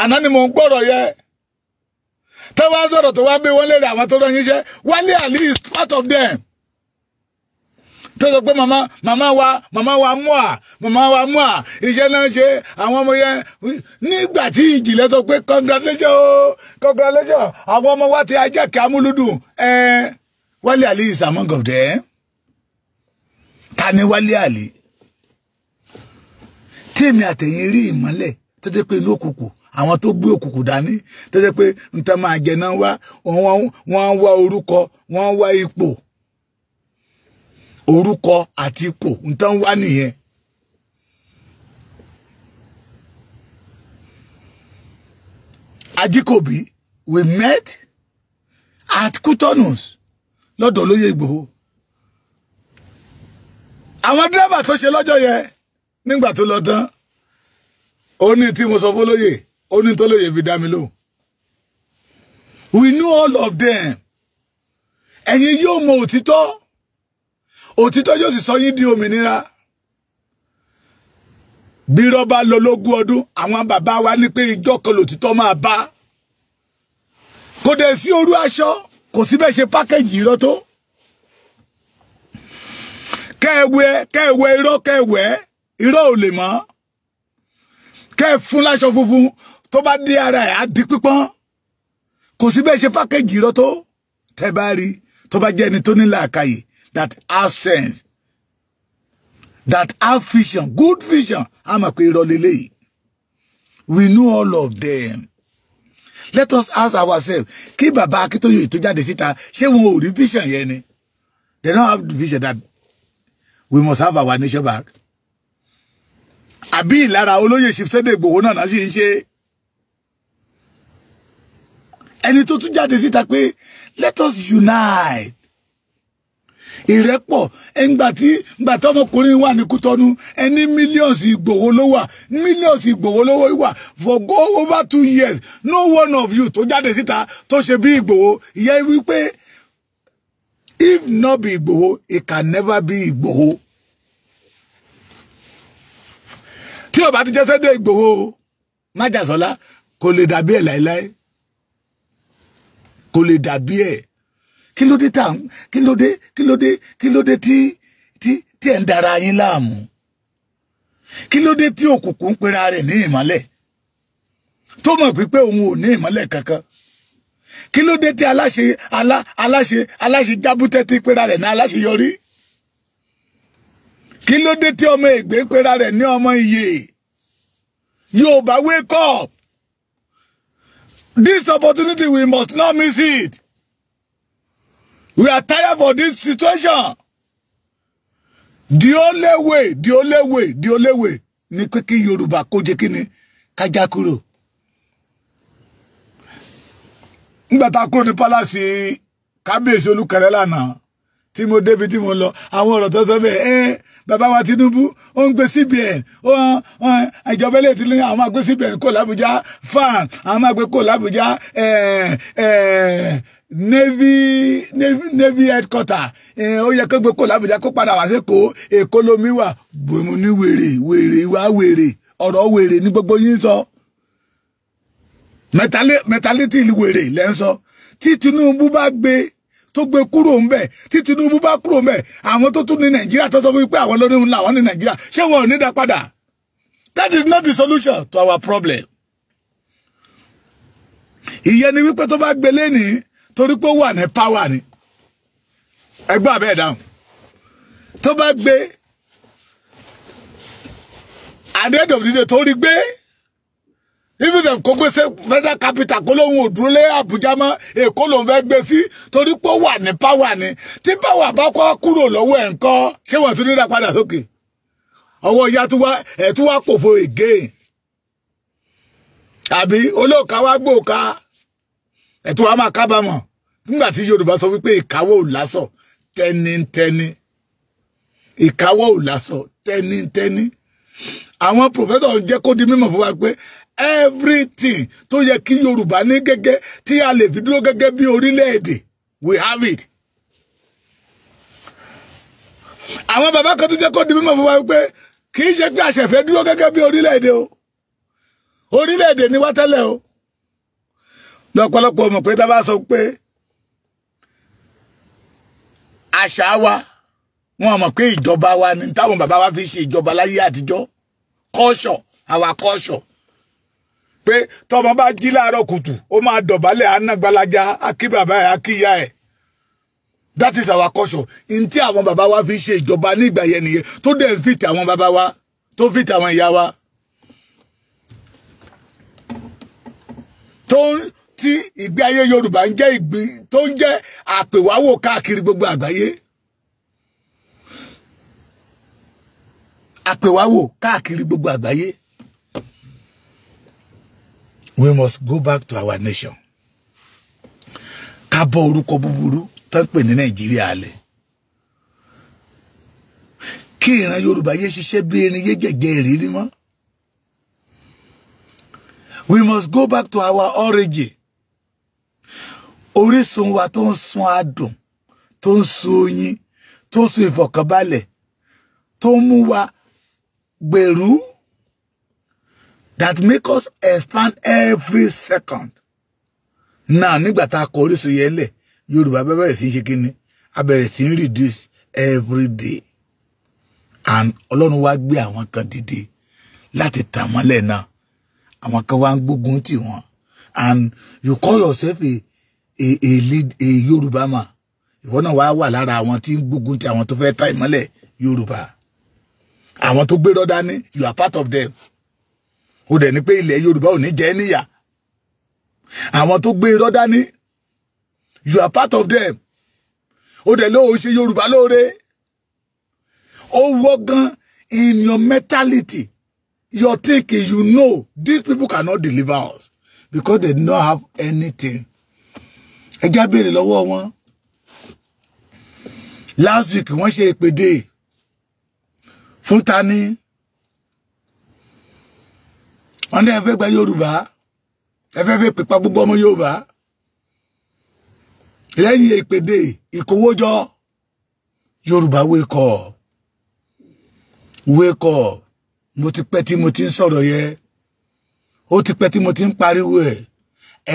àná ni mò ń gbọ́rọ̀ yẹ tẹ́ wá sọ̀rọ̀ tó wá bí wọ́n léèrè àwọn tó rán yín iṣẹ́ Wálé at least, part of them tó sọ pé màmá mama, wa màmá wa mú à màmá wa mú à iṣẹ́ náà ṣe àwọn ọmọ yẹn nígbà tí ìjìnlẹ̀ sọ pé congratulation o congratulation àwọn ọmọ wa ti ajá kí amúlùdùn ẹ Wálé Ali is among of them ta ni Wálé Ali tí èmi àtẹ̀yìn rí ìmọ́lẹ̀ tó jẹ́ pé inú òkùnkùn àwọn tó gbé òkùnkùn dání tó jẹ́ pé n ta máa jẹ wá wọ́n ń wá orúkọ wọ́n ń wá ipò orúkọ àti ipò n tán wá nìyẹn. Ajíkòbí we met at Kutonus lọ́dọ̀ olóyè Ìgbòho àwọn dírẹ́bà tó ṣe lọ́jọ́ yẹn nígbà tó lọ tán ó ní tí mo sọ fólóyè ó ní tó lóye fi dá mi lóhùn we know all of them ẹ̀yin yóò mọ òtítọ́ òtítọ́ yóò sì sọ yín di òmìnira bí rọ́bà lọ lógún ọdún àwọn bàbá wa ní pé ìjọ kan lòtítọ́ máa bá kò dẹ̀ sí orú aṣọ kò sí bẹ́ẹ̀ ṣe pákẹ́jì irọ́ tó kẹ́ẹ̀wẹ́ kẹ́ẹ̀wẹ́ irọ́ kẹ́ẹ̀wẹ́ irọ́ ò lè mọ́ kẹ́ ẹ fún láṣọ funfun tó bá dé ara ẹ̀ á di pípọ́n kò sí bẹ́ẹ̀ ṣe pákéjì irọ́ tó tẹ́ bá rí tó bá jẹ́ ẹni tó ní làákàyè that have sense that have vision good vision á mọ̀ pé irọ́ lélẹ́yìí we know all of them let us ask ourselves kí bàbá akíntóyè tó jáde síta ṣé wọn ò rí vision yẹn ni they don't have the vision that we must have our nation back àbí ìlara olóyè Sunday Igboho náà sì ń ṣe ẹni tó tún jáde síta pé let us unite ìrẹ́pọ̀ ẹ̀ǹgbà tí gbà tí ọmọkùnrin wà ní Kútọ́nù ẹni millions Ìgbòho ló wà millions Ìgbòho ló wà for go over two years no one of you tó jáde síta tó ṣe bí Ìgbòho ìyẹn wípé if not be Ìgbòho it can never be Ìgbòho. tí ò bá ti jẹ́sẹ́ dé Ìgbòho májàsọ́lá kò lè dàbí ẹ̀ láéláé kò lè dàbí ẹ̀ kí ló dé tàn kí ló dé kí ló dé kí ló dé tí tí tí ẹ̀ ń dara yín láàmú kí ló dé tí òkùnkùn ń pera rẹ̀ ní ìmọ́lẹ̀ tó mọ̀ pípé òun ò ní ìmọ́lẹ̀ kankan kí ló dé tí aláṣe aláṣe aláṣe jábútẹ́ pera rẹ̀ ní aláṣeyọrí kí ló dé tí ọmọ ègbé pera rẹ̀ ní ọmọ iye yorùbá wake up this opportunity we must not miss it we are tired for this situation the only way the only way the only way ni pé kí yorùbá kó jẹ kí ni kájá kúrò nígbà tá a kúrò ní pálásì kábíyèsí olúkẹrẹ lánàá tí mo débi tí mo lọ àwọn ọ̀rọ̀ tó sọ bẹ́ẹ̀ ẹ́ bàbá wa Tinubu ó ń gbé CBN ó hàn ìjọba ilé ìtìlẹ àwọn máa gbé CBN kó làbújá fan àwọn máa gbé kó làbújá navy navy headquarter ó yẹ kó gbé kó làbújá kó padà wá sí kó èkó lomi wà bòmù ní wèrè wèrè wá wèrè ọ̀rọ̀ wèrè ní gbogbo yín sọ mẹtálítì wèrè lẹ́ tí Tinubu bá gbé tó gbé kúrò ńbẹ̀ tí Tinubu bá kúrò ńbẹ̀ àwọn tó tún ní Nàìjíríà tó sọ wípé àwọn lórí ńlá àwọn ní Nàìjíríà ṣé wọn ò ní dá padà that is not the solution to our problem. ìyẹn ni wípé tó bá gbélé ní torí pé ó wà ní power ni ẹgbẹ́ àbẹ́ ìdáhùn tó bá gbé at the end of the day tó rí gbé even dem kó gbé sí federal capital kó lóun ò dúró lé Àbújá mọ́ Èkó lòun fẹ́ gbé sí torí pé ó wà ní power ni tí power bá kọ́ kúrò lọ́wọ́ ẹ̀ ńkọ́ ṣé wọ́n tún nílà padà sókè ọwọ́ ìyá ẹ̀ tún wá pòfo again àbí olóòka tu gbòòka ẹ̀ tún wá máa kábàámọ̀ nígbà tí Yorùbá sọ wípé ìkáwọ́ ò lásọ̀ tẹ́nitẹ́ni ìkáwọ́ ò lásọ̀ tẹ́nitẹ́ni àwọn professor ń jẹ́ kó di mímọ̀ fún wa pé everything tó yẹ kí Yorùbá ní gẹ́gẹ́ tí a lè fi dúró gẹ́gẹ́ bí orílẹ̀-èdè we have it. àwọn bàbá kan tó jẹ́ kó di mímọ̀ fún wa wípé kì í ṣe pé àṣẹ̀fẹ́ dúró gẹ́gẹ́ bí orílẹ̀-èdè o orílẹ̀-èdè ni wá tẹ́lẹ̀ o lọ́pọ̀lọpọ̀ mọ̀ pé tá bá sọ pé àṣà wa wọn mọ̀ pé ìjọba wa ni táwọn bàbá wa fi ṣe ìjọba láyé àtijọ́ kọ́ṣọ̀ àwa kọ́ṣọ̀ pé tọmọ bá jí láàárọ̀ kùtù ó máa dọ̀bálẹ̀ anágbalaja akí bàbá ẹ̀ akí that is our culture n tí àwọn bàbá wa fi ṣe ìjọba nígbà yẹn nìyẹn tó dẹ̀ ń fìtì àwọn bàbá wa tó fìtì àwọn ìyá wa tó ń tí ìgbé ayé Yorùbá ń jẹ́ ìgbín tó ń jẹ́ àpèwáwò káàkiri gbogbo àgbáyé àpèwáwò káàkiri gbogbo àgbáyé we must go back to our nation ká bọ́ orúkọ búburú tán pè ní nàìjíríà lẹ̀ kí ìran yorùbá yé ṣiṣẹ́ bí erin yé gẹ̀gẹ́ ìrírí mọ́ we must go back to our origin orísun wa tó ń sun adùn tó ń sun oyin tó ń sun ìfọ̀kànbalẹ̀ tó ń mú wa gbèrú that make us expand every second. Now, nígbà tá a kọ orísun yẹn lẹ̀, Yorùbá bẹ̀rẹ̀ sí í ṣe reduce every day. And Ọlọ́run wá gbé àwọn kan dìde láti tàn mọ́lẹ̀ náà. Àwọn kan wá ń gbógun tì wọ́n. And you call yourself a, a, a, lead, a Yorùbá man. Ìwọ náà wá wà lára àwọn tí ń gbógun tì àwọn tó fẹ́ ta ìmọ́lẹ̀ Yorùbá. Àwọn tó gbérọ́ dání, you are part of them ó dẹ̀ ní pé ilẹ̀ Yorùbá ò ní jẹ́ níyà àwọn tó gbé irọ́ dání you are part of them ó dẹ̀ lóò ṣe Yorùbá lóore ó wọ́ gan in your mentality your thinking you know these people cannot deliver us because they do not have anything ẹ já béèrè lọ́wọ́ wọn last week wọ́n ṣe ìpèdè fún ta ni wọn ní ẹ fẹ́ gba yorùbá ẹ fẹ́ fẹ́ pípa gbogbo ọmọ yorùbá lẹ́yìn ìpèdè ìkówójọ yorùbá wake up wake up mo ti pẹ́ tí mo ti ń sọ̀rọ̀ yẹ ó ti pẹ́ tí mo ti ń pariwo ẹ̀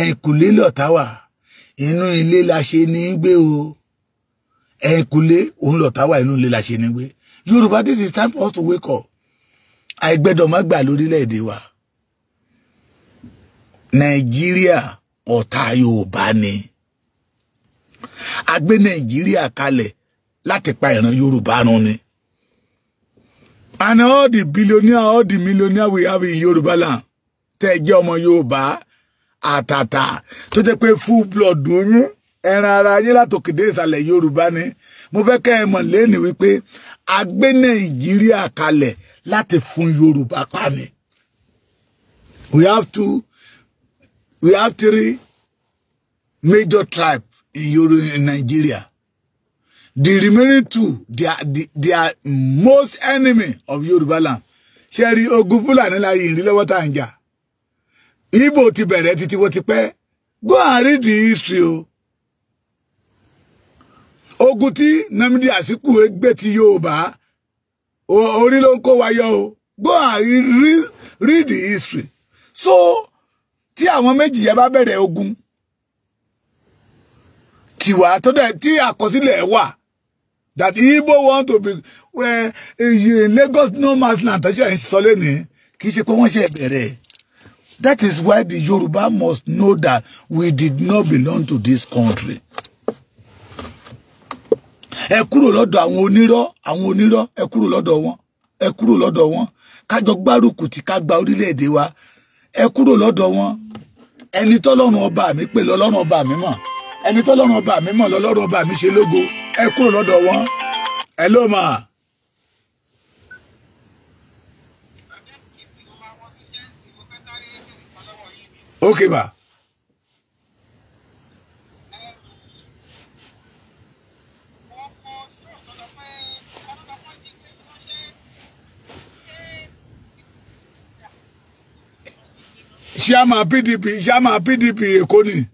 ẹ̀kùlé lọ̀tá wà inú ilé la ṣe ní gbé o ẹ̀kùlé òun lọ̀tá wà inú ilé la ṣe ní gbé yorùbá this is time for us to wake up àìgbẹ́dọ̀ má gbà lórílẹ̀‐èdè wa nàìjíríà ọ̀tá yorùbá ni a gbé nàìjíríà kalẹ̀ láti pa ìran yorùbá run ni and all the billionaire all the millionaire we have in yorùbá land tẹ́ jẹ́ ọmọ yorùbá àtàtà tó jẹ́ pé full blood yín ẹran ara yín látòkèdè ìsàlẹ̀ yorùbá ni mo fẹ́ kẹ́ ẹ mọ̀ lẹ́nu wípé a gbé nàìjíríà kalẹ̀ láti fún yorùbá pa ni we have to. We have three major tribes in Euro in Nigeria. The remaining two, they are, they, they are most enemy of Yoruba land. Ṣẹ́rí ogun Fúlàní láyé ìrìnlẹ́wọ́ tá à ń jà. Igbo ti bẹ̀rẹ̀ títí wọ́n ti pẹ́. Go and read the history o. Ogun tí Nnamdi Azikiwe gbé ti Yorùbá, orí ló Go and read, read the history. So, tí àwọn méjì yẹn bá bẹ̀rẹ̀ ogun tiwa tó dẹ̀ tí àkọsílẹ̀ wà that Igbo want to be iye eh, eh, Lagos no man's land tẹ́sí ẹ̀ ń sọ lẹ́nìí kì í ṣe pé wọ́n ṣe bẹ̀rẹ̀ that is why the Yoruba must know that we did not belong to this country ẹ kúrò lọ́dọ̀ àwọn onírọ́ àwọn onírọ́ ẹ kúrò lọ́dọ̀ wọn ẹ kúrò lọ́dọ̀ wọn ká gbárùkù tí ká gba orílẹ̀-èdè wa ẹ kúrò lọ́dọ̀ wọn ẹni tọ́lọ́run ọba mi pè lọ́lọ́run ọba mi mọ̀ ẹni tọ́lọ́run ọba mi mọ̀ lọ́lọ́run ọba mi ṣe lógo ẹ kúrò lọ́dọ̀ wọn ẹ ló mà. okay ba. chairman PDP chairman PDP Èkó ni.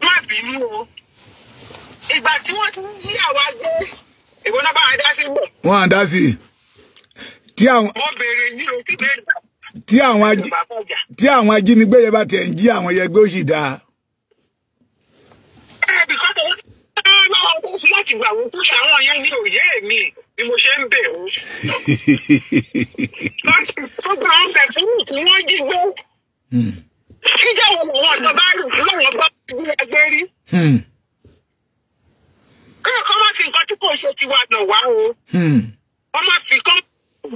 má bínú o ìgbà tí ti yí àwa gbé èwo náà bá wa dá sí bọ̀. wọ́n á dá sí o tí béèrè tí àwọn tí àwọn ajínigbé yẹn bá tẹ̀ ń jí àwọn yẹn gbé ó sì dáa. ẹ bìkọ́ tó ń bá ni mo ṣe ń bẹ̀ wọ́n. tó gba ọ̀sẹ̀ fún mi tí wọ́n jí gbé. Hmm. kíjà tó bá rù lọ́wọ́n bá gbé ẹgbẹ́ rí. Hmm. kí ọkọ má fi nǹkan tí kò ṣe tiwa nà wá o. Hmm. wọ́n má fi kọ́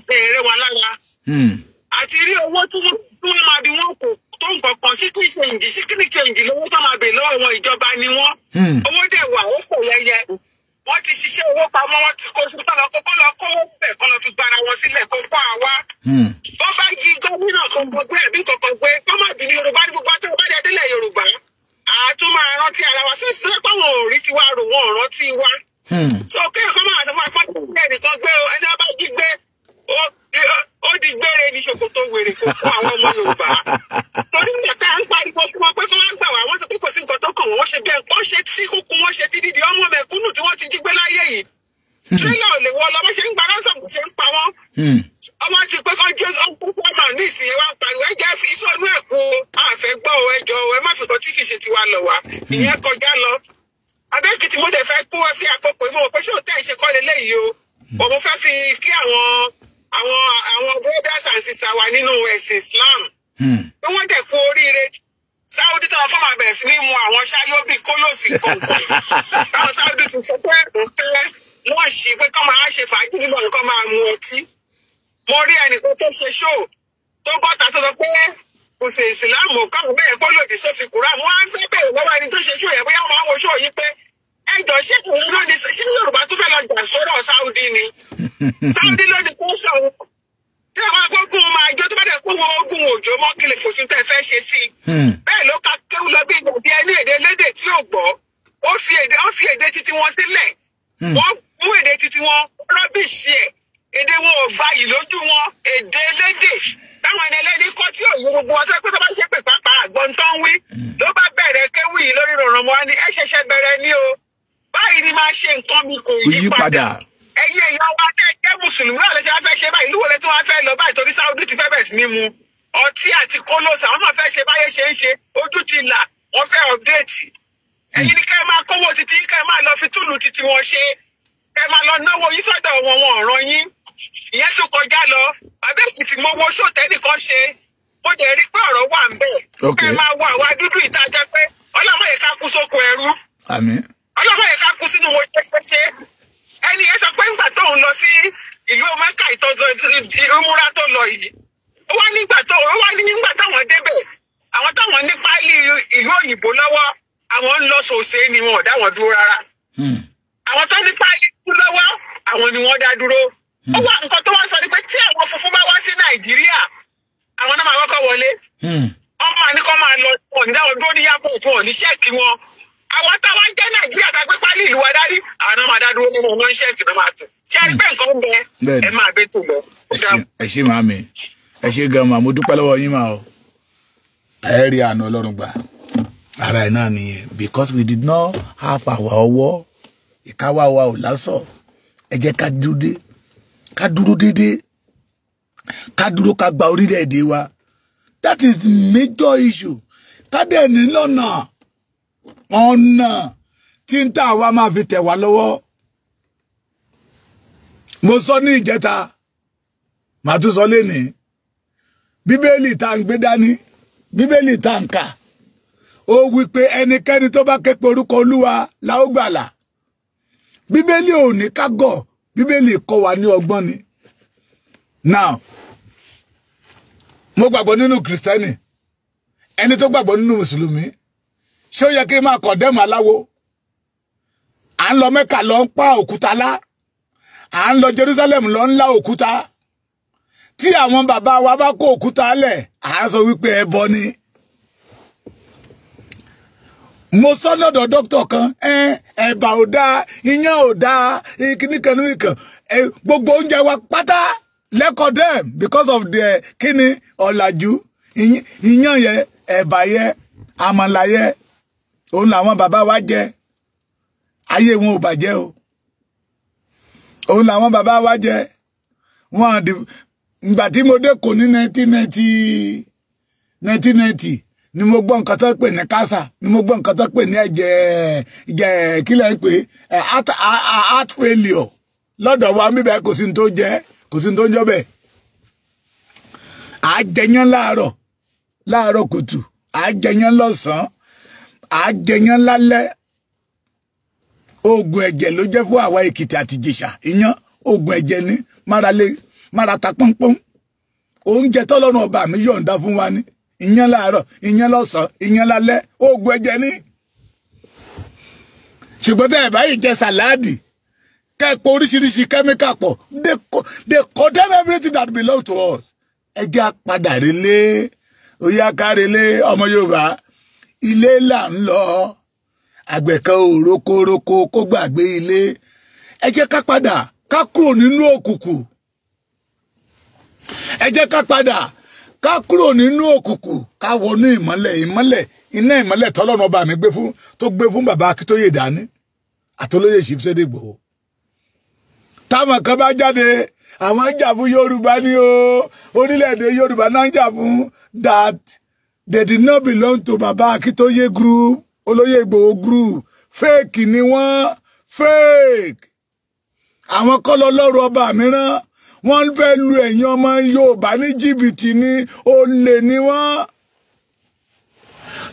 bẹ̀rẹ̀ wa lára. àti rí owó tí wọ́n máa bí wọn kò tó nǹkan kan ṣèǹjì sí ṣèǹjì lówó tó máa bè lọ́wọ́ ìjọba ni wọ́n. owó dẹ̀ wà ó pọ̀ yẹyẹ wọ́n ti ṣiṣẹ́ owó pamọ́ wọ́n ti kó sípò lọ kókó lọ kó bẹ̀ kó lọ fi gbára wọn sílẹ̀ kó bá a wá. wọ́n bá gi gómìnà kan gbogbo ẹ̀mí kankan gbé kọ́mọ̀bìnrin yorùbá ní gbogbo àti ọba dẹ́dẹ́lẹ̀ yorùbá àtún máa rántí ara wa sí ìsìlẹ̀ pé àwọn òrí ti wá rò wọ́n rántí wa. Hmm. so kéèyàn kọ́ máa tọ́ fún apá ìgbẹ́ nìkan gbé ẹni wọ́n bá jí gbé ó di gbére ní ṣòkòtò wèrè kò kó àwọn ọmọ Yorùbá torí nígbà tá à ń pariwo fún wọn pé kí wọ́n gbà wá wọ́n sọ pé sí nǹkan tó kàn wọ́n ṣe bẹ́ẹ̀ wọ́n ṣe tí kúkú wọ́n ṣe tí dídì ọmọ mẹ̀kúnnù tí wọ́n ti jí gbé láyé yìí hmm. tírélà ò lè wọ lọ bó ṣe ń gba ransom ṣe ń pa wọn hmm. ọmọ ti pé kán jẹ ọkùnkùn ọmọ nísìnyí wá pariwo ẹjẹ fi sọnù ẹkọ àfẹ gbọ ẹjọ ẹ má fi kan tí kìí ṣe tiwa lọ wá hmm. ìyẹn kọjá lọ abẹ́kìtì mo dẹ̀ fẹ́ kó ẹ fi àkókò ìmọ̀ pé ṣé òtẹ́ ìṣe lélẹ́yìí o òun fẹ́ fi kí àwọn àwọn àwọn brothers and sisters wa nínú ẹ̀sìn Islam pé hmm. wọ́n dẹ̀ kú oríire Saudi tí wọn fọwọ́ bẹ̀rẹ̀ sí ní mu àwọn ṣáyọ́bì kólóòsì kọ̀ọ̀kan táwọn Saudi ti sọ pé òǹkẹ́ wọ́n ṣì pé kọ́ máa ṣe fàájì nígbà kọ́ máa mu ọtí mo rí ẹnìkan tó ṣe ṣó tó bọ́ta tó sọ pé kò sí ìsìláàmù káwọn bẹ́ẹ̀ kó lòdì sófin kúrà wọ́n á fẹ́ bẹ̀rẹ̀ lọ́wọ́ ẹni tó ṣe ṣó yẹ bóyá wọ́n á wo ṣó yìí pé ẹjọ ṣé òun ló ní ṣé yorùbá tó fẹ́ lọ jà sọ́dọ̀ sáúdí ni sáúdí ló ní kó sọ̀rọ̀ tí àwọn agbógun máa jó tó bá dẹ̀ kó wọn ogun òjò mọ́ kí lè kò sí tẹ́ fẹ́ ṣe sí i hmm. bẹ́ẹ̀ ló ka kéwù lọ bí ìgbàgbé ẹni èdè lédè tí ò gbọ́ ó fi èdè ó fi èdè títí wọn sílẹ̀ hmm. wọ́n mú èdè títí wọn rọ́bìṣì ẹ̀ èdè wọn ò gba yìí lójú wọn èdè lédè táwọn ẹni ẹlẹ́ni kọ́ tí òye gbogbo ọtọ́ pé tó bá ṣe pè pàápàá àgbọ̀ntán wí hmm. ló bá bẹ̀rẹ̀ kéwì lórí rọ̀rùn wọn ni ẹ ṣẹ̀ṣẹ̀ bẹ̀rẹ̀ ni o ṣe nǹkan mi kò yí padà ẹ̀yin èèyàn wa tẹ́ jẹ́ mùsùlùmí náà lè ṣe wá ṣe báyìí ìlú wo lè tó lọ báyìí torí Saudi ti fẹ́ bẹ̀rẹ̀ sí ní mu ọtí àti kólóòsì àwọn máa fẹ́ ṣe báyé ṣe ń ṣe ojú ti là wọ́n fẹ́ ọ̀pdẹ́ẹ̀tì ẹ̀yin ni kẹ́ máa kówó títí kẹ́ máa lọ fi túlù títí wọn ṣe kẹ́ máa lọ náwó yín sọ́dọ̀ wọn wọn ọ̀ràn yín ìyẹn tó kọjá lọ bàbá èkìtì wọ ọlọ́pàá yẹn ká kú sínú wọn ṣẹṣẹṣẹ ẹni yẹn sọ pé ńgbà tóun lọ sí ìlú Mákà ìtọ́jú múra tó lọ yìí ó wá nígbà tó ó wá nígbà táwọn débẹ̀ àwọn táwọn ní páálí ìlú òyìnbó lọ́wọ́ àwọn ń lọ sòsè ni wọn ò dá wọn dúró rárá hmm. àwọn tó ní páálí ìlú lọ́wọ́ àwọn ni wọ́n dá dúró ó hmm. wá nǹkan tó wá sọ ni pé tí àwọn funfun bá wá sí Nàìjíríà àwọn náà máa kọ́kọ́ wọlé hmm. ọmọ àníkọ́ máa lọ wọn ní dáwọn dúró ní yàgò tí wọn ní ṣẹ́ẹ̀kì wọn àwọn táwọn jẹ́ nàìjíríà tá a gbé pálí ìlú wa dárí àwọn náà máa dá dúró nínú nọ́ńṣẹ́ǹsì náà máa tù ṣé ẹ rí pé nǹkan ń bẹ ẹ máa bẹ tó lọ. ẹ ṣé màámi ẹ ṣé gan màá mo dúpẹ́ lọ́wọ́ yín màá o ẹ rí àánú ọlọ́run gbà ara ẹ̀ náà nìyẹn because we did not have our ọwọ́ ìkáwá wa ò lásọ̀ ẹ jẹ́ ká dúró dé ká dúró dédé ká dúró ká gba orílẹ̀-èdè wa that is the major issue ká dẹ̀ ní lọ́nà ọ̀nà tí ń tà wá máa fi tẹ̀ wá lọ́wọ́ mo sọ ní ìjẹta màá tún sọ lénìí bíbélì tá à ń gbé dání bíbélì tá à ń kà ó wí pé ẹnikẹ́ni tó bá képe orúkọ olúwa la bíbélì ò ní kágọ̀ bíbélì kọ́ wa ní ọgbọ́n ni now mo gbàgbọ́ nínú kìrìsìtẹ́nì ẹni tó gbàgbọ́ nínú mùsùlùmí ṣé ó yẹ kí n máa kọ̀dẹ́mù aláwo à ń lọ mẹ́kà lọ ń pa òkúta lá à ń lọ Jerusalem lọ ń lá òkúta tí àwọn bàbá wa bá kó òkúta lẹ̀ à ń sọ wípé ẹbọ ni mo sọ lọ́dọ̀ dókítà kan ẹ̀bà ò dáa iyán ò dáa kíníkan níkan gbogbo oúnjẹ wa pátá lẹ́kọ̀ọ́ dem because of the kíni ọ̀làjú iyán yẹ ẹ̀bà yẹ àmàlà yẹ òun làwọn bàbá wa jẹ ayé wọn ò bàjẹ́ o òun làwọn bàbá wa jẹ wọn àdì ìgbà tí mo dé ní 1990 1990 ni mo gbọ́ nǹkan tó pè ní kásà ni mo gbọ́ nǹkan tó pè ní ẹ̀jẹ̀ ẹ̀jẹ̀ kílẹ̀ ń pè heart failure lọ́dọ̀ wa níbẹ̀ kò sí ní tó jẹ́ kò sí ní tó ń jọ́ bẹ́ẹ̀ à á jẹyán kùtù à á jẹyán àjẹyàn lálẹ́ ẹ̀jẹ̀ ló jẹ́ fún àwa èkìtì àti ìjẹ̀ṣà ìyàn oògùn ẹ̀jẹ̀ ni mara ta pọ́npọ́n oúnjẹ tọ́lọ́run ọba mi yọ̀ǹda fún wa ni ìyàn láàárọ̀ ìyàn lọ́sàn ìyàn lálẹ́ oògùn ẹ̀jẹ̀ ni ṣùgbọ́n tẹ́ ẹ̀ báyìí jẹ sàláàdì kẹ́ẹ̀pọ̀ oríṣiríṣi kẹ́míkà pọ̀ they condemn everything that belong to us ẹ jẹ́ oyè ọmọ Yorùbá ilé là ń lọ àgbẹ̀ kan ò roko roko kó gbàgbé ilé ẹ jẹ́ ká padà ká kúrò nínú òkùnkùn ẹ jẹ́ ká padà ká kúrò nínú òkùnkùn ká wọnú ìmọ́lẹ̀ ìmọ́lẹ̀ iná ìmọ́lẹ̀ tọ́lọ́run mi gbé fún tó gbé fún bàbá dání o orílẹ̀-èdè yorùbá náà ń jà They did not belong to Baba Akitoye group, Olóyè Igboho group. Fake ni wọ́n, fake. Àwọn kọ́ lọ́lọ́rọ̀ ọba mìíràn. Wọ́n fẹ́ lu ẹ̀yin ọmọ Yorùbá ní jìbìtì ni, olè ni wọ́n.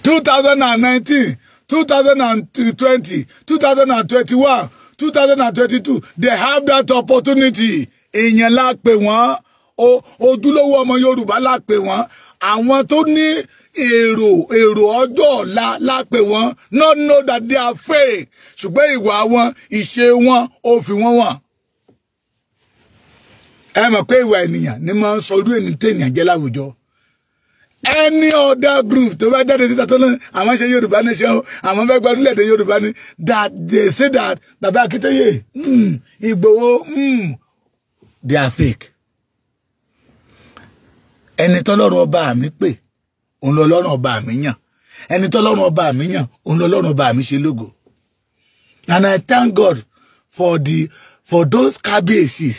2019, 2020, 2021, 2022, they have that opportunity. Èèyàn la pè wọ́n, ojúlówó ọmọ Yorùbá la pè wọ́n, àwọn tó ní èrò èrò ọjọ́ ọ̀la lápè wọn not know that they are fake ṣùgbọ́n ìwà wọn ìṣe wọn ó fi wọ́n wọ̀n. ẹ mọ̀ pé ìwà ènìyàn ni máa ń sọ orí ènìyàn téèyàn jẹ́ láwùjọ any other group tó bá jáde síta tó náà àwọn ṣe yorùbá ní ṣe àwọn fẹ́ gba orílẹ̀-èdè yorùbá ní that they say that bàbá akíntóyè hmm, ìgbòho hmm, they are fake ẹni tọ́lọ́run ọba mi pè òun lọ́lọ́run ọba mi yàn ẹni tọ́lọ́run ọba mi yàn òun lọ́lọ́run ọba mi ṣe lógo and I thank God for the for those kábíyèsí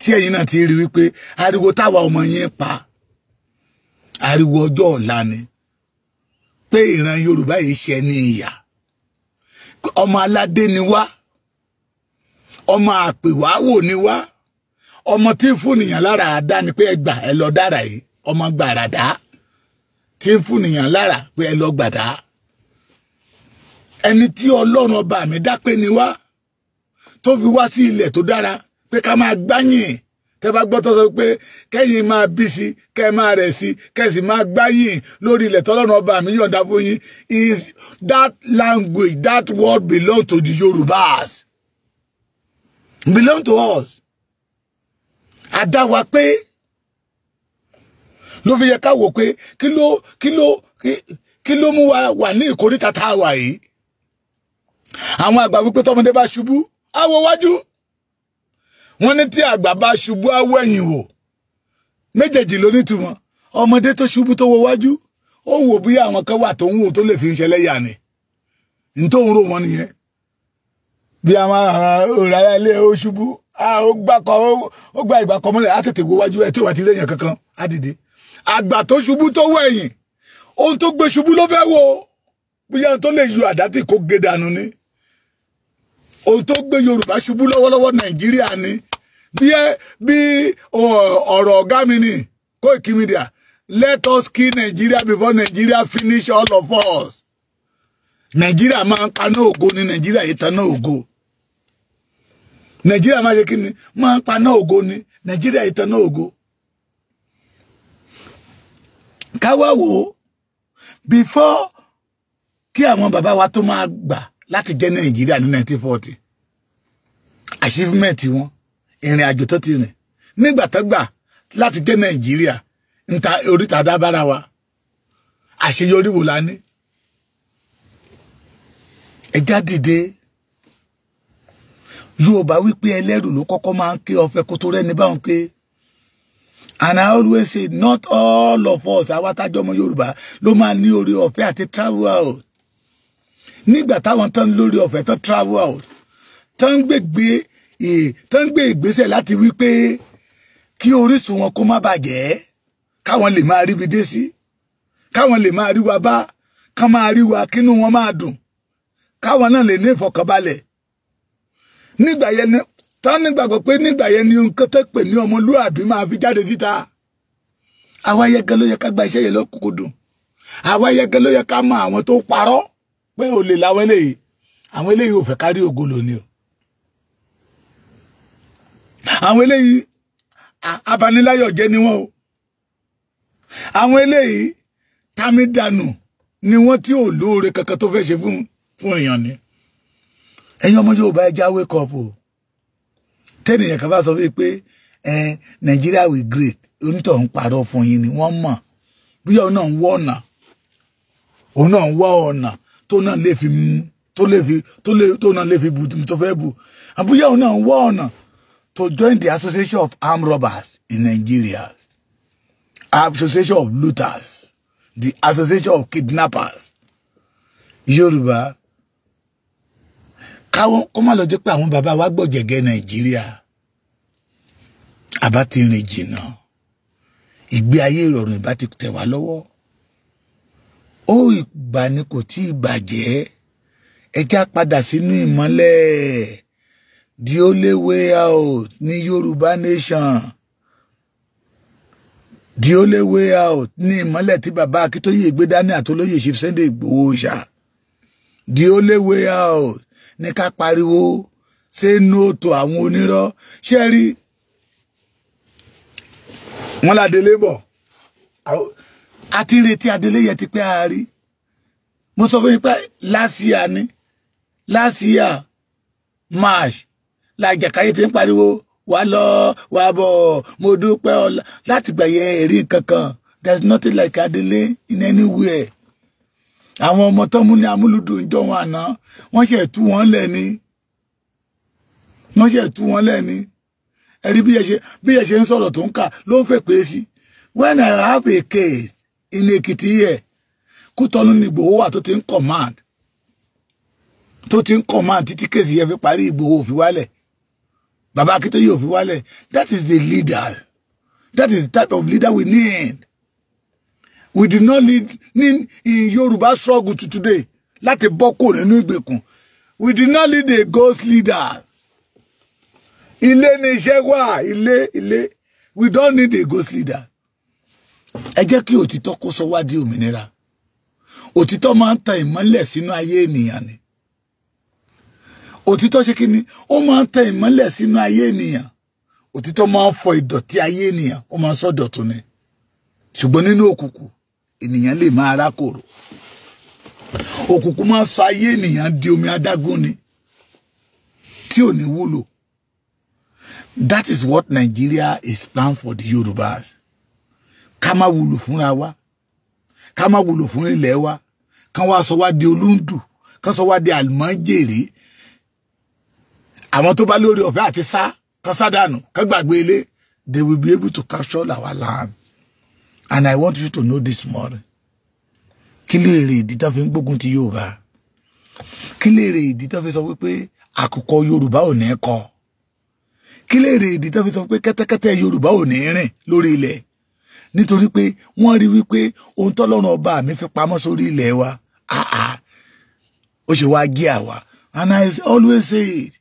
tí ẹ̀yin náà ti rí wípé ariwo táwa ọmọ yín pa ariwo ọjọ́ ọ̀la ni pé ìran Yorùbá yìí ṣe ní ìyà ọmọ aládé ni wá ọmọ àpèwáwò ni wá ọmọ tí fúnìyàn lára àdá ni pé ẹgbà ẹ lọ dára yìí ọmọ gbàràdá tí ń fún nìyàn lára pé ẹ lọ gbàdá ẹni tí ọlọ́run ọba mi dápé ni wá tó fi wá sí ilẹ̀ tó dára pé ká máa gbáyìn tẹ bá gbọ́ tó sọ pé kẹ́yìn máa bí sí kẹ́ máa rẹ̀ sí kẹ́sì máa gbáyìn lórí ilẹ̀ tọ́lọ́run ọba mi yọ̀ǹda fún yín is that language that word belong to the Yorubas. belong to us àdáwà pé ló fi yẹ ká wò pé kí ló kí ló kí ló mú wa wà ní ìkóríta tá a wà yìí àwọn àgbà wípé tọmọdé bá ṣubú á wo wájú wọn ní tí àgbà bá ṣubú á wẹ̀yìn wò méjèèjì ló nítumọ̀ ọmọdé tó ṣubú tó wo wájú ó wò bí àwọn kan wà tó ń wò tó lè fi ń ṣẹlẹ́yà ni nítorí rò wọn nìyẹn bí a máa hàn òrara ilé ó ṣubú ó gbà ìgbà kan mọ́lẹ̀ á tètè wo wájú ẹ tí ò ti léèyàn kankan á dìde àgbà tó ṣubú tó wọ ẹ̀yìn ohun tó gbé ṣubú ló fẹ́ wo bóyá tó lè yọ àdátì kó gé dànù ni ohun tó gbé yorùbá ṣubú lọ́wọ́lọ́wọ́ nàìjíríà ni bí bí ọ̀rọ̀ ọ̀gá mi ni Koiki Media let us kill Nigeria before Nigeria finish all of us Nigeria máa ń paná ògo ni nàìjíríà yìí taná ògo nàìjíríà máa ṣe kí ń paná ògo ni nàìjíríà yìí taná ògo káwá wò ó before kí àwọn bàbá wa tó máa gbà láti jẹ́ nàìjíríà ní 1940 achievement wọn ìrìn àjò tó ti rìn nígbà tó gbà láti jẹ́ nàìjíríà níta oríta dábára wa àṣeyọrí wo la ní ẹjá dìde yorùbá wípé ẹlẹ́rù ló kọ́kọ́ máa ń ké ọfẹ kó tó rẹ́ni báwọn ké and I always say not all of us àwa tájọ ọmọ Yorùbá ló máa ní orí ọ̀fẹ́ àti travel out nígbà táwọn tán lórí ọ̀fẹ́ tán travel out tán gbègbè e, tán gbé ìgbésẹ̀ láti wí pé kí orísun wọn kó má bàjẹ́ káwọn lè máa ríbi dé sí káwọn lè máa rí wa bá kán máa rí wa kínú wọn máa dùn káwọn náà lè ní ìfọ̀kànbalẹ̀ nígbà yẹn tá a nígbàgbọ́ pé nígbà yẹn ni nǹkan tẹ́ pè ní ọmọlúwàbí máa fi jáde síta àwa yẹgẹ ló yẹ ká gba iṣẹ́ yẹn lọ́kùnkùn dùn àwa yẹgẹ ló yẹ ká mọ àwọn tó parọ́ pé olè làwọn eléyìí àwọn eléyìí ò fẹ́ kárí ògo lónìí o àwọn eléyìí abaniláyọ̀jẹ́ ni wọ́n o àwọn eléyìí tamidanu ni wọ́n tí ò lóore kankan tó fẹ́ ṣe fún fún èèyàn ni ẹ̀yin ọmọ Yorùbá ẹ jáwé kọ́ọ̀pù o tẹ́nìyàn kan bá sọ wípé nàìjíríà we great onítọ̀ ń parọ́ fún yín ni wọ́n mọ̀ bóyá òun náà ń wọ́ ọ̀nà òun náà ń wọ́ ọ̀nà tó náà lè fi tó lè fi tó lè tó náà lè fi bu tó fẹ́ bu àbúyá òun náà ń wọ́ ọ̀nà to join the association of armed robbers in Nigeria association of looters the association of kidnappers Yorùbá káwọn kó má lọ jẹ́ pé àwọn bàbá wa gbọ̀jẹ̀gẹ́ nàìjíríà àbá ti rìn jìnnà ìgbé ayé ìrọ̀rùn ìbá ti tẹ̀ wá lọ́wọ́ ó ìgbà ni kò tí ì bàjẹ́ ẹ já padà sínú ìmọ́lẹ̀ the only way out ní yorùbá nation the only way out ní ìmọ́lẹ̀ tí bàbá akíntóyè gbé dání àtolóyè ṣe Sunday Ìgbòho ṣá the only way out ní ká pariwo ṣé no to àwọn onírọ́ ṣé rí wọn ládélé bọ̀ àti retí Adéléye ti pẹ́ àárí mo sọ fún yín pé last year ni last year March làjàkáyé ti ń pariwo wà lọ wà bọ̀ mo dúpẹ́ ọ̀la láti gbà yẹ kankan there is nothing like Adélé in anywhere àwọn ọmọ tán mú ní amúlùdùn jọ wọn àná wọ́n ṣe tú wọn lẹ̀ ni wọ́n ṣe tú wọn lẹ̀ ni ẹ̀rí bí ẹ ṣe ń sọ̀rọ̀ tó ń kà ló ń fẹ́ pé sí when I have a case in Èkìtì here Kútọ́nù ni Ìgbòho wà tó ti ń command tó ti ń command títí kéèsì yẹn fi parí Ìgbòho òfin wálẹ̀ bàbá Akíntóyè òfin wálẹ̀ that is the leader that is the type of leader we need we do not need, need in Yoruba struggle to today láti bọ́ kò nínú ìgbèkùn we do not need a ghost leader ilé ni iṣẹ́ wà ilé ilé we don't need a ghost leader ẹ jẹ́ kí òtítọ́ kó sọ wá di òmìnira òtítọ́ máa ń tan ìmọ́lẹ̀ sínú ayé ènìyàn ni òtítọ́ ṣe kí ni ó máa ń tan ìmọ́lẹ̀ sínú ayé ènìyàn òtítọ́ máa ń fọ ìdọ̀tí ayé ènìyàn ó máa ń sọ ni ṣùgbọ́n nínú òkùnkùn ènìyàn lè máa rákòrò òkùnkùn máa sọ ayé ènìyàn di omi adágún ni tí ò ní wúlò that is what Nigeria is planned for the Yorubas ká má wúlò fúnra wa ká má wúlò fún ilẹ̀ wa kán wá sọ wá di olúndù kán sọ wá di àlùmọ́jèrè àwọn tó bá lórí ọ̀fẹ́ àti sá kán sádànù kán gbàgbé ilé they will be able to capture our land and I want you to know this morning kí lè rè ìdí tó fi ń gbógun ti Yorùbá kí lè rè ìdí tó fi sọ wípé àkùkọ Yorùbá ò ní kọ kí lè rè ìdí tó fi sọ pé kẹ́tẹ́kẹ́tẹ́ Yorùbá ò ní rìn lórí ilẹ̀ nítorí pé wọ́n rí wípé ohun tọ́lọ́run ọba mi fi pamọ́ sórí ilẹ̀ wa àà ó ṣe wá gé àwa and I always say it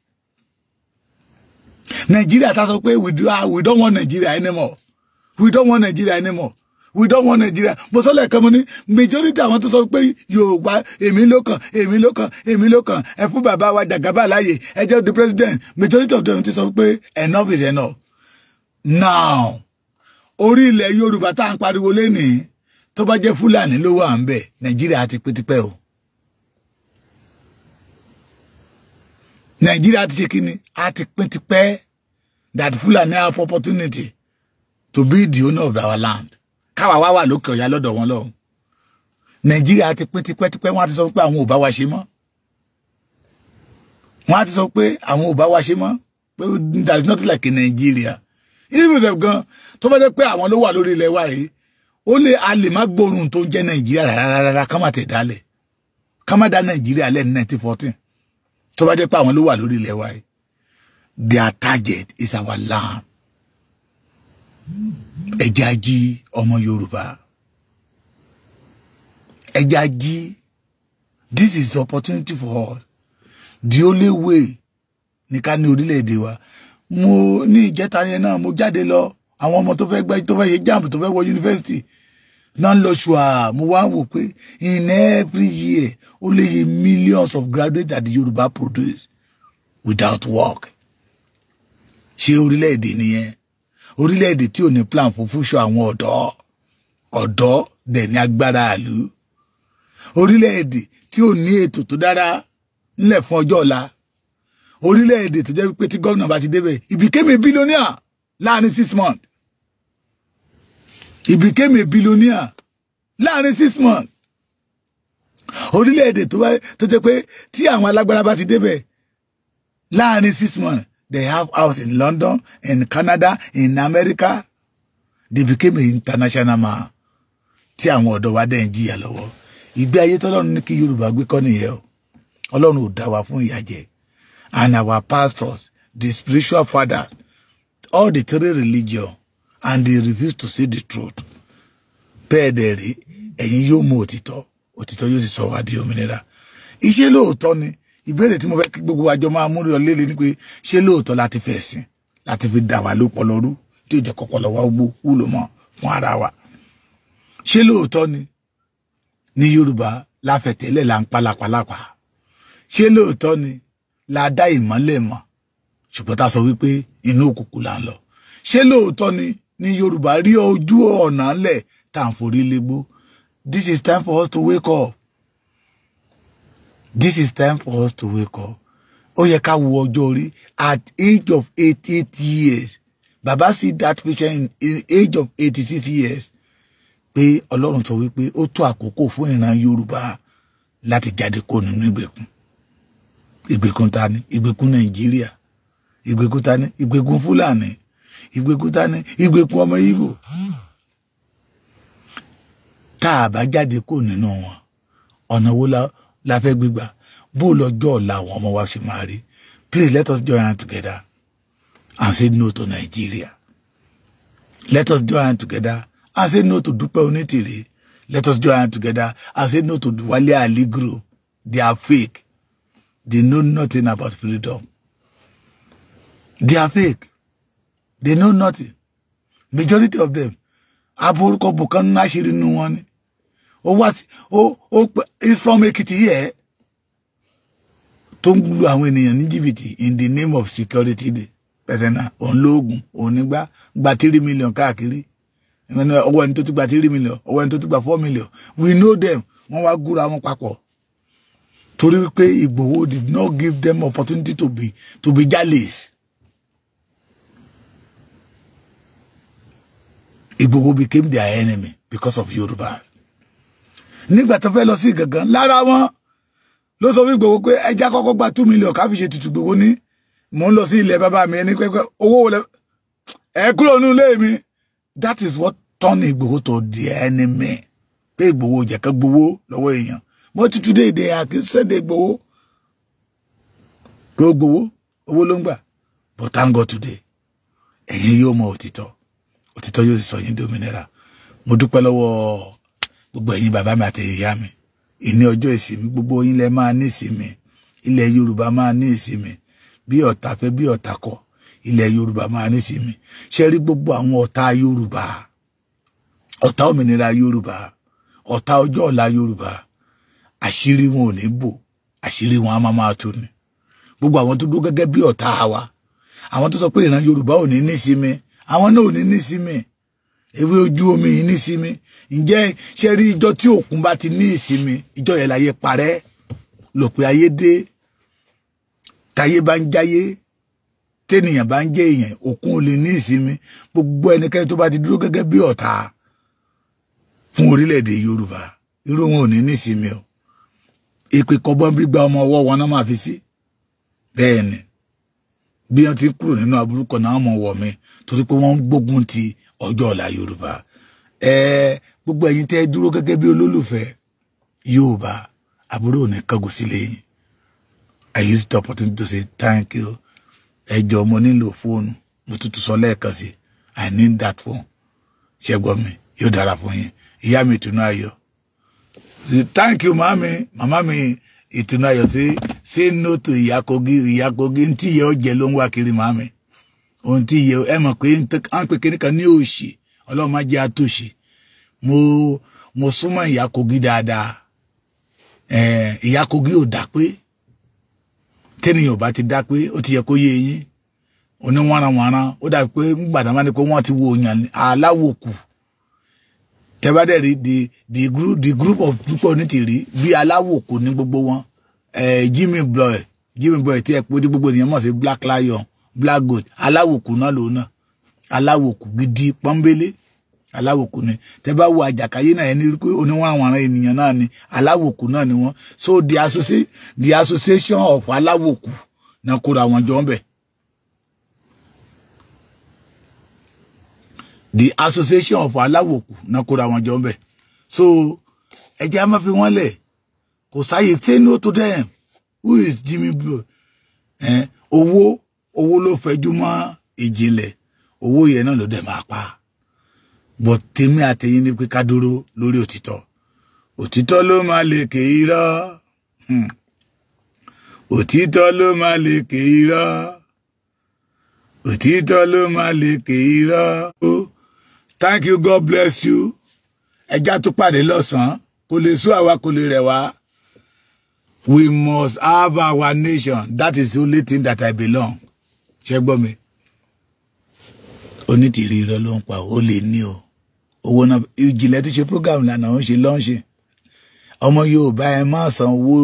Nigeria ta sọ pé we ah, don't want Nigeria anymore we don't want Nigeria anymore we don't want Nigeria mo sọ lẹ́ẹ̀kan mo ní majority àwọn tó sọ pé Yorùbá èmi ló kàn èmi ló kàn èmi ló kàn ẹ fún bàbá wa Jagaba láàyè ẹ jẹ́ the president majority of them ti sọ pé enough is enough now orí ilẹ̀ Yorùbá tá à ń pariwo lénìí tó bá jẹ́ Fúlàní ló wà ń bẹ̀ Nàìjíríà ti pẹ́tipẹ́ o. Nigeria ti ṣe kíni a ti pín tipẹ́ that Fulani have opportunity to be the owner of our land káwa wá wà lókè ọ̀yà lọ́dọ̀ wọn lọ́hùn nàìjíríà ti pín tipẹ́tipẹ́ wọ́n á ti sọ pé àwọn ò bá wa ṣe mọ́ wọ́n ti sọ pé àwọn ò bá wa ṣe mọ́ pé that is not like a nàìjíríà ìdíbòsẹ̀ gan tó bá jẹ́ pé àwọn ló wà lórí ilẹ̀ wa yìí ó lè a lè má gbóòórùn tó ń jẹ́ nàìjíríà rárá ká má tẹ̀ dálẹ̀ ká má dá nàìjíríà lẹ́nu 1914 tó bá jẹ́ pé àwọn ló wà lórí ilẹ̀ wa yìí their target is our land ẹja jí ọmọ Yorùbá ẹja jí this is the opportunity for us the only way ní ká ní orílẹ̀-èdè wa mo ní ìjẹta yẹn náà mo jáde lọ àwọn ọmọ tó fẹ́ gbẹ́ tó fẹ́ ṣe jáàmù tó fẹ́ wọ yunifásitì náà lọ ṣùà mo wá wò pé in every year ó lè yí millions of graduates that the Yorùbá produce without work ṣé orílẹ̀-èdè nìyẹn orílẹ̀-èdè tí ò ní plan fún fúnṣọ àwọn ọ̀dọ́ ọ̀dọ́ dẹ̀ ní agbára àlú orílẹ̀-èdè tí ò ní ètò tó dára ńlẹ̀ fún ọjọ́ ọ̀la orílẹ̀-èdè tó jẹ́ wípé tí gómìnà bá ti débẹ̀ he became a billionaire láàrin six months he became a billionaire láàrin six months orílẹ̀-èdè tó jẹ́ pé tí àwọn alágbára bá ti débẹ̀ láàrin six months They have house in London, in Canada, in America. They became international man. ti àwọn ọ̀dọ́ wa dẹ̀ ń jìyà lọ́wọ́. Ìgbé ayé tọ́lọ́run ní kí Yorùbá gbé kọ́ nìyẹn o. Ọlọ́run ò dá wa fún ìyà And our pastors, the spiritual fathers, all the three religion, and they refuse to see the truth. Bẹ́ẹ̀ dẹ̀ rí, mo yóò otito òtítọ́, si yóò sì sọ wá di òmìnira. Iṣẹ́ lóòótọ́ ni ìbéèrè tí mo fẹ́ kí gbogbo àjọ máa mú lọ lélẹ̀ ni pé ṣé lóòótọ́ láti fẹ́ sìn láti fi dà wá lọ́pọlọ rú tí ìjọ kọpọlọ wa gbó wúlò mọ́ fún ara wa ṣé lóòótọ́ ni ní Yorùbá láfẹ̀tẹ́lẹ̀ là ń palapalapa ṣé lóòótọ́ ni la dá ìmọ́lẹ̀ mọ̀ ṣùgbọ́n tá a sọ wípé inú òkùnkùn là ń lọ ṣé lóòótọ́ ni ní Yorùbá rí ojú ọ̀nà ńlẹ̀ tá à ń forí légbó this is time for us to wake up this is time for us to wake up ó yẹ ká wo ọjọ́ orí at age of eighty eight years bàbá see that patient in age of eighty six years pé ọlọ́run sọ wípé ó tó àkókò fún ìran yorùbá láti jáde kó nínú ìgbèkùn ìgbèkùn ta ni ìgbèkùn nàìjíríà ìgbèkùn ta ni ìgbèkùn fúlàní ìgbèkùn ta ni ìgbèkùn ọmọ Ìgbò tá a bá jáde kó nínú wọn ọ̀nà wo la la fẹ́ gbégbá bó lọ́jọ́ ọ̀la àwọn ọmọ wa ṣe máa rí please let us join hand together and say no to Nigeria let us join hand together and say no to Dúpẹ́ Onítìrí let us join hand together and say no to Wale Aligro they are fake they know nothing about freedom they are fake they know nothing majority of them aborúkọ bùkánú náà ṣe rí nu wọn ni ó wá ó ó is from Ekiti here tó ń lu àwọn ènìyàn ní in the name of security day pẹ̀sẹ̀nà òun lóògùn gba three million káàkiri ọwọ́ ẹni tó ti gba three million ọwọ́ ẹni to ti gba four million we know them wọ́n wá gúra wọn papọ̀ torí pé Ìgbòho did not give them opportunity to be to be jallies. Igboho became their enemy because of Yoruba nígbà tó fẹ́ lọ sí gangan lára wọn ló sọ fún Ìgbòho pé ẹja kọ́kọ́ gba two million ká fi ṣe tutù Ìgbòho ní mò ń lọ sí ilẹ̀ bàbá mi ẹni pẹ́pẹ́ owó wọlé ẹ kúrò nínú ilé mi that is what turn Ìgbòho to the enemy pé Ìgbòho jẹ̀kẹ́ gbowó lọ́wọ́ èèyàn mo ti túdé èdè àkínsẹ́dẹ̀ Ìgbòho pé ó gbowó owó ló ń gbà but thank God today ẹ̀yin yóò mọ òtítọ́ òtítọ́ yóò sì sọ yín di mo dúpẹ́ lọ́wọ́ gbogbo ẹ̀yin bàbá mi àti ìyá mi ìní ọjọ́ ìsinmi gbogbo yín lẹ máa ní ìsinmi ilẹ̀ Yorùbá máa ní ìsinmi bí ọ̀tá fẹ́ bí ọ̀tá kọ̀ ilẹ̀ Yorùbá máa ní ìsinmi ṣe rí gbogbo àwọn ọ̀tá Yorùbá ọ̀tá òmìnira Yorùbá ọ̀tá ọjọ́ ọ̀la Yorùbá àṣírí wọn ò ní bò àṣírí wọn á máa máa tó ni gbogbo àwọn tó dúró gẹ́gẹ́ bí ọ̀tá wa àwọn tó sọ pé ìran Yorùbá ò ní nísinmi àwọn náà ò ní nísinmi ewé ojú omi yìí ní sinmi ǹjẹ́ ṣe rí ìjọ tí òkun bá ti ní ìsinmi ìjọ yẹn láyé parẹ́ lòpin ayé dé táyé bá ń jáyé tẹ́nìyàn bá ń jẹ́ èèyàn òkun ò lè ní ìsinmi gbogbo ẹnikẹ́ni tó bá ti dúró gẹ́gẹ́ bí ọ̀tá fún orílẹ̀-èdè Yorùbá irú wọn ò ní ní ìsinmi o èpè kọ́bọ́n gbígba ọmọ ọwọ́ wọn náà máa fi sí bẹ́ẹ̀ ni bí wọ́n ti kúrò nínú aburúkọ náà mọ̀ wọ̀ mi torí pé wọ́n ń gbógun ti ọjọ́ ọ̀la yorùbá ẹ gbogbo ẹ̀yin tẹ́ dúró gẹ́gẹ́ bí olólùfẹ́ yorùbá àbúrò ní kángun sílé yìí i used the opportunity to say thank you ẹ jọ mo nílò fóònù mo tuntun sọ lẹ́ẹ̀kan sí i need that phone ṣẹ́gbọ́n mi yóò dára fún yín ìyá mi ìtùnú ayọ̀ thank you màmí mama. mi ìtùnú ayọ̀ sí say no to ìyá kogi ìyá kogi ntí ìyá ọ̀jẹ̀ ló ń wá kiri màmí ohun tí yẹ ẹ mọ̀ pé à ń pè kíní kan ní òṣì ọlọ́run má jẹ́ àtòṣì mo mo súnmọ́ ìyá kogi dáadáa ìyá kogi ò dá pé tẹ́nìyàn ò bá ti dá pé ó ti yẹ kó yé yín oníwọ̀nranwọ̀nran ó dàbí pé ńgbà tá a máa pé wọ́n ti wo òyàn aláwò kù tẹ́bádẹ́ the the group the group of people ní ti rí bí aláwò kù ní gbogbo wọn Jimmy Boy Jimmy Boy tí ẹ pé ní gbogbo ènìyàn mọ̀ sí Black Lion black gold aláwòkù náà lòun náà aláwòkù gidi pọ́nbélé aláwòkù ni tẹ bá wo àjàkáyé náà ẹni rí pé oníwọ̀n àwọn ará ènìyàn náà ni aláwòkù náà ni wọ́n so the association the association of aláwòkù náà kóra wọn jọ ń the association of aláwòkù náà kóra wọn jọ ń so ẹjẹ́ á má fi wọ́n lẹ̀ kò sáyé say no to them who is Jimmy Blue eh, owó ló fẹjú mọ́ ìjìnlẹ̀ owó yẹn náà ló dẹ̀ máa pa bọ̀ tèmi àtẹ̀yìn ni pé ká dúró lórí òtítọ́ òtítọ́ ló máa lè kè é rọ́ hmm. òtítọ́ ló máa lè kè é rọ́ òtítọ́ ló máa lè kè é rọ́. thank you god bless you ẹja tó pàdé lọ́sàn-án kò lè sú àwa kò lè rẹ̀ wá. we must have our nation that is the only thing that i belong ṣe gbọ́ mi onítìrí irọ́ ló ń pa ó lè ní o owó náà ìjìnlẹ̀ tó ṣe program lánàá ó ń ṣe lọ́ńṣìn ọmọ Yorùbá ẹ má san owó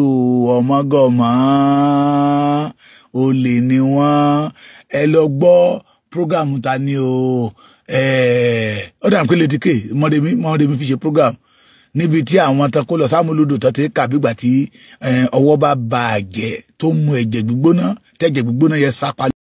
ọmọgọmọ olè ni wọ́n ẹ lọ gbọ́ program ta ni o ó dà pé lédìkè mọdèmí mọdèmí fi ṣe program níbi tí àwọn tán kó lọ sámúlòdò tán ti kà bígbà tí ọwọ́ bá ba tó mú ẹ̀jẹ̀ gbígbóná tẹ́jẹ̀ gbígbóná yẹ sápá.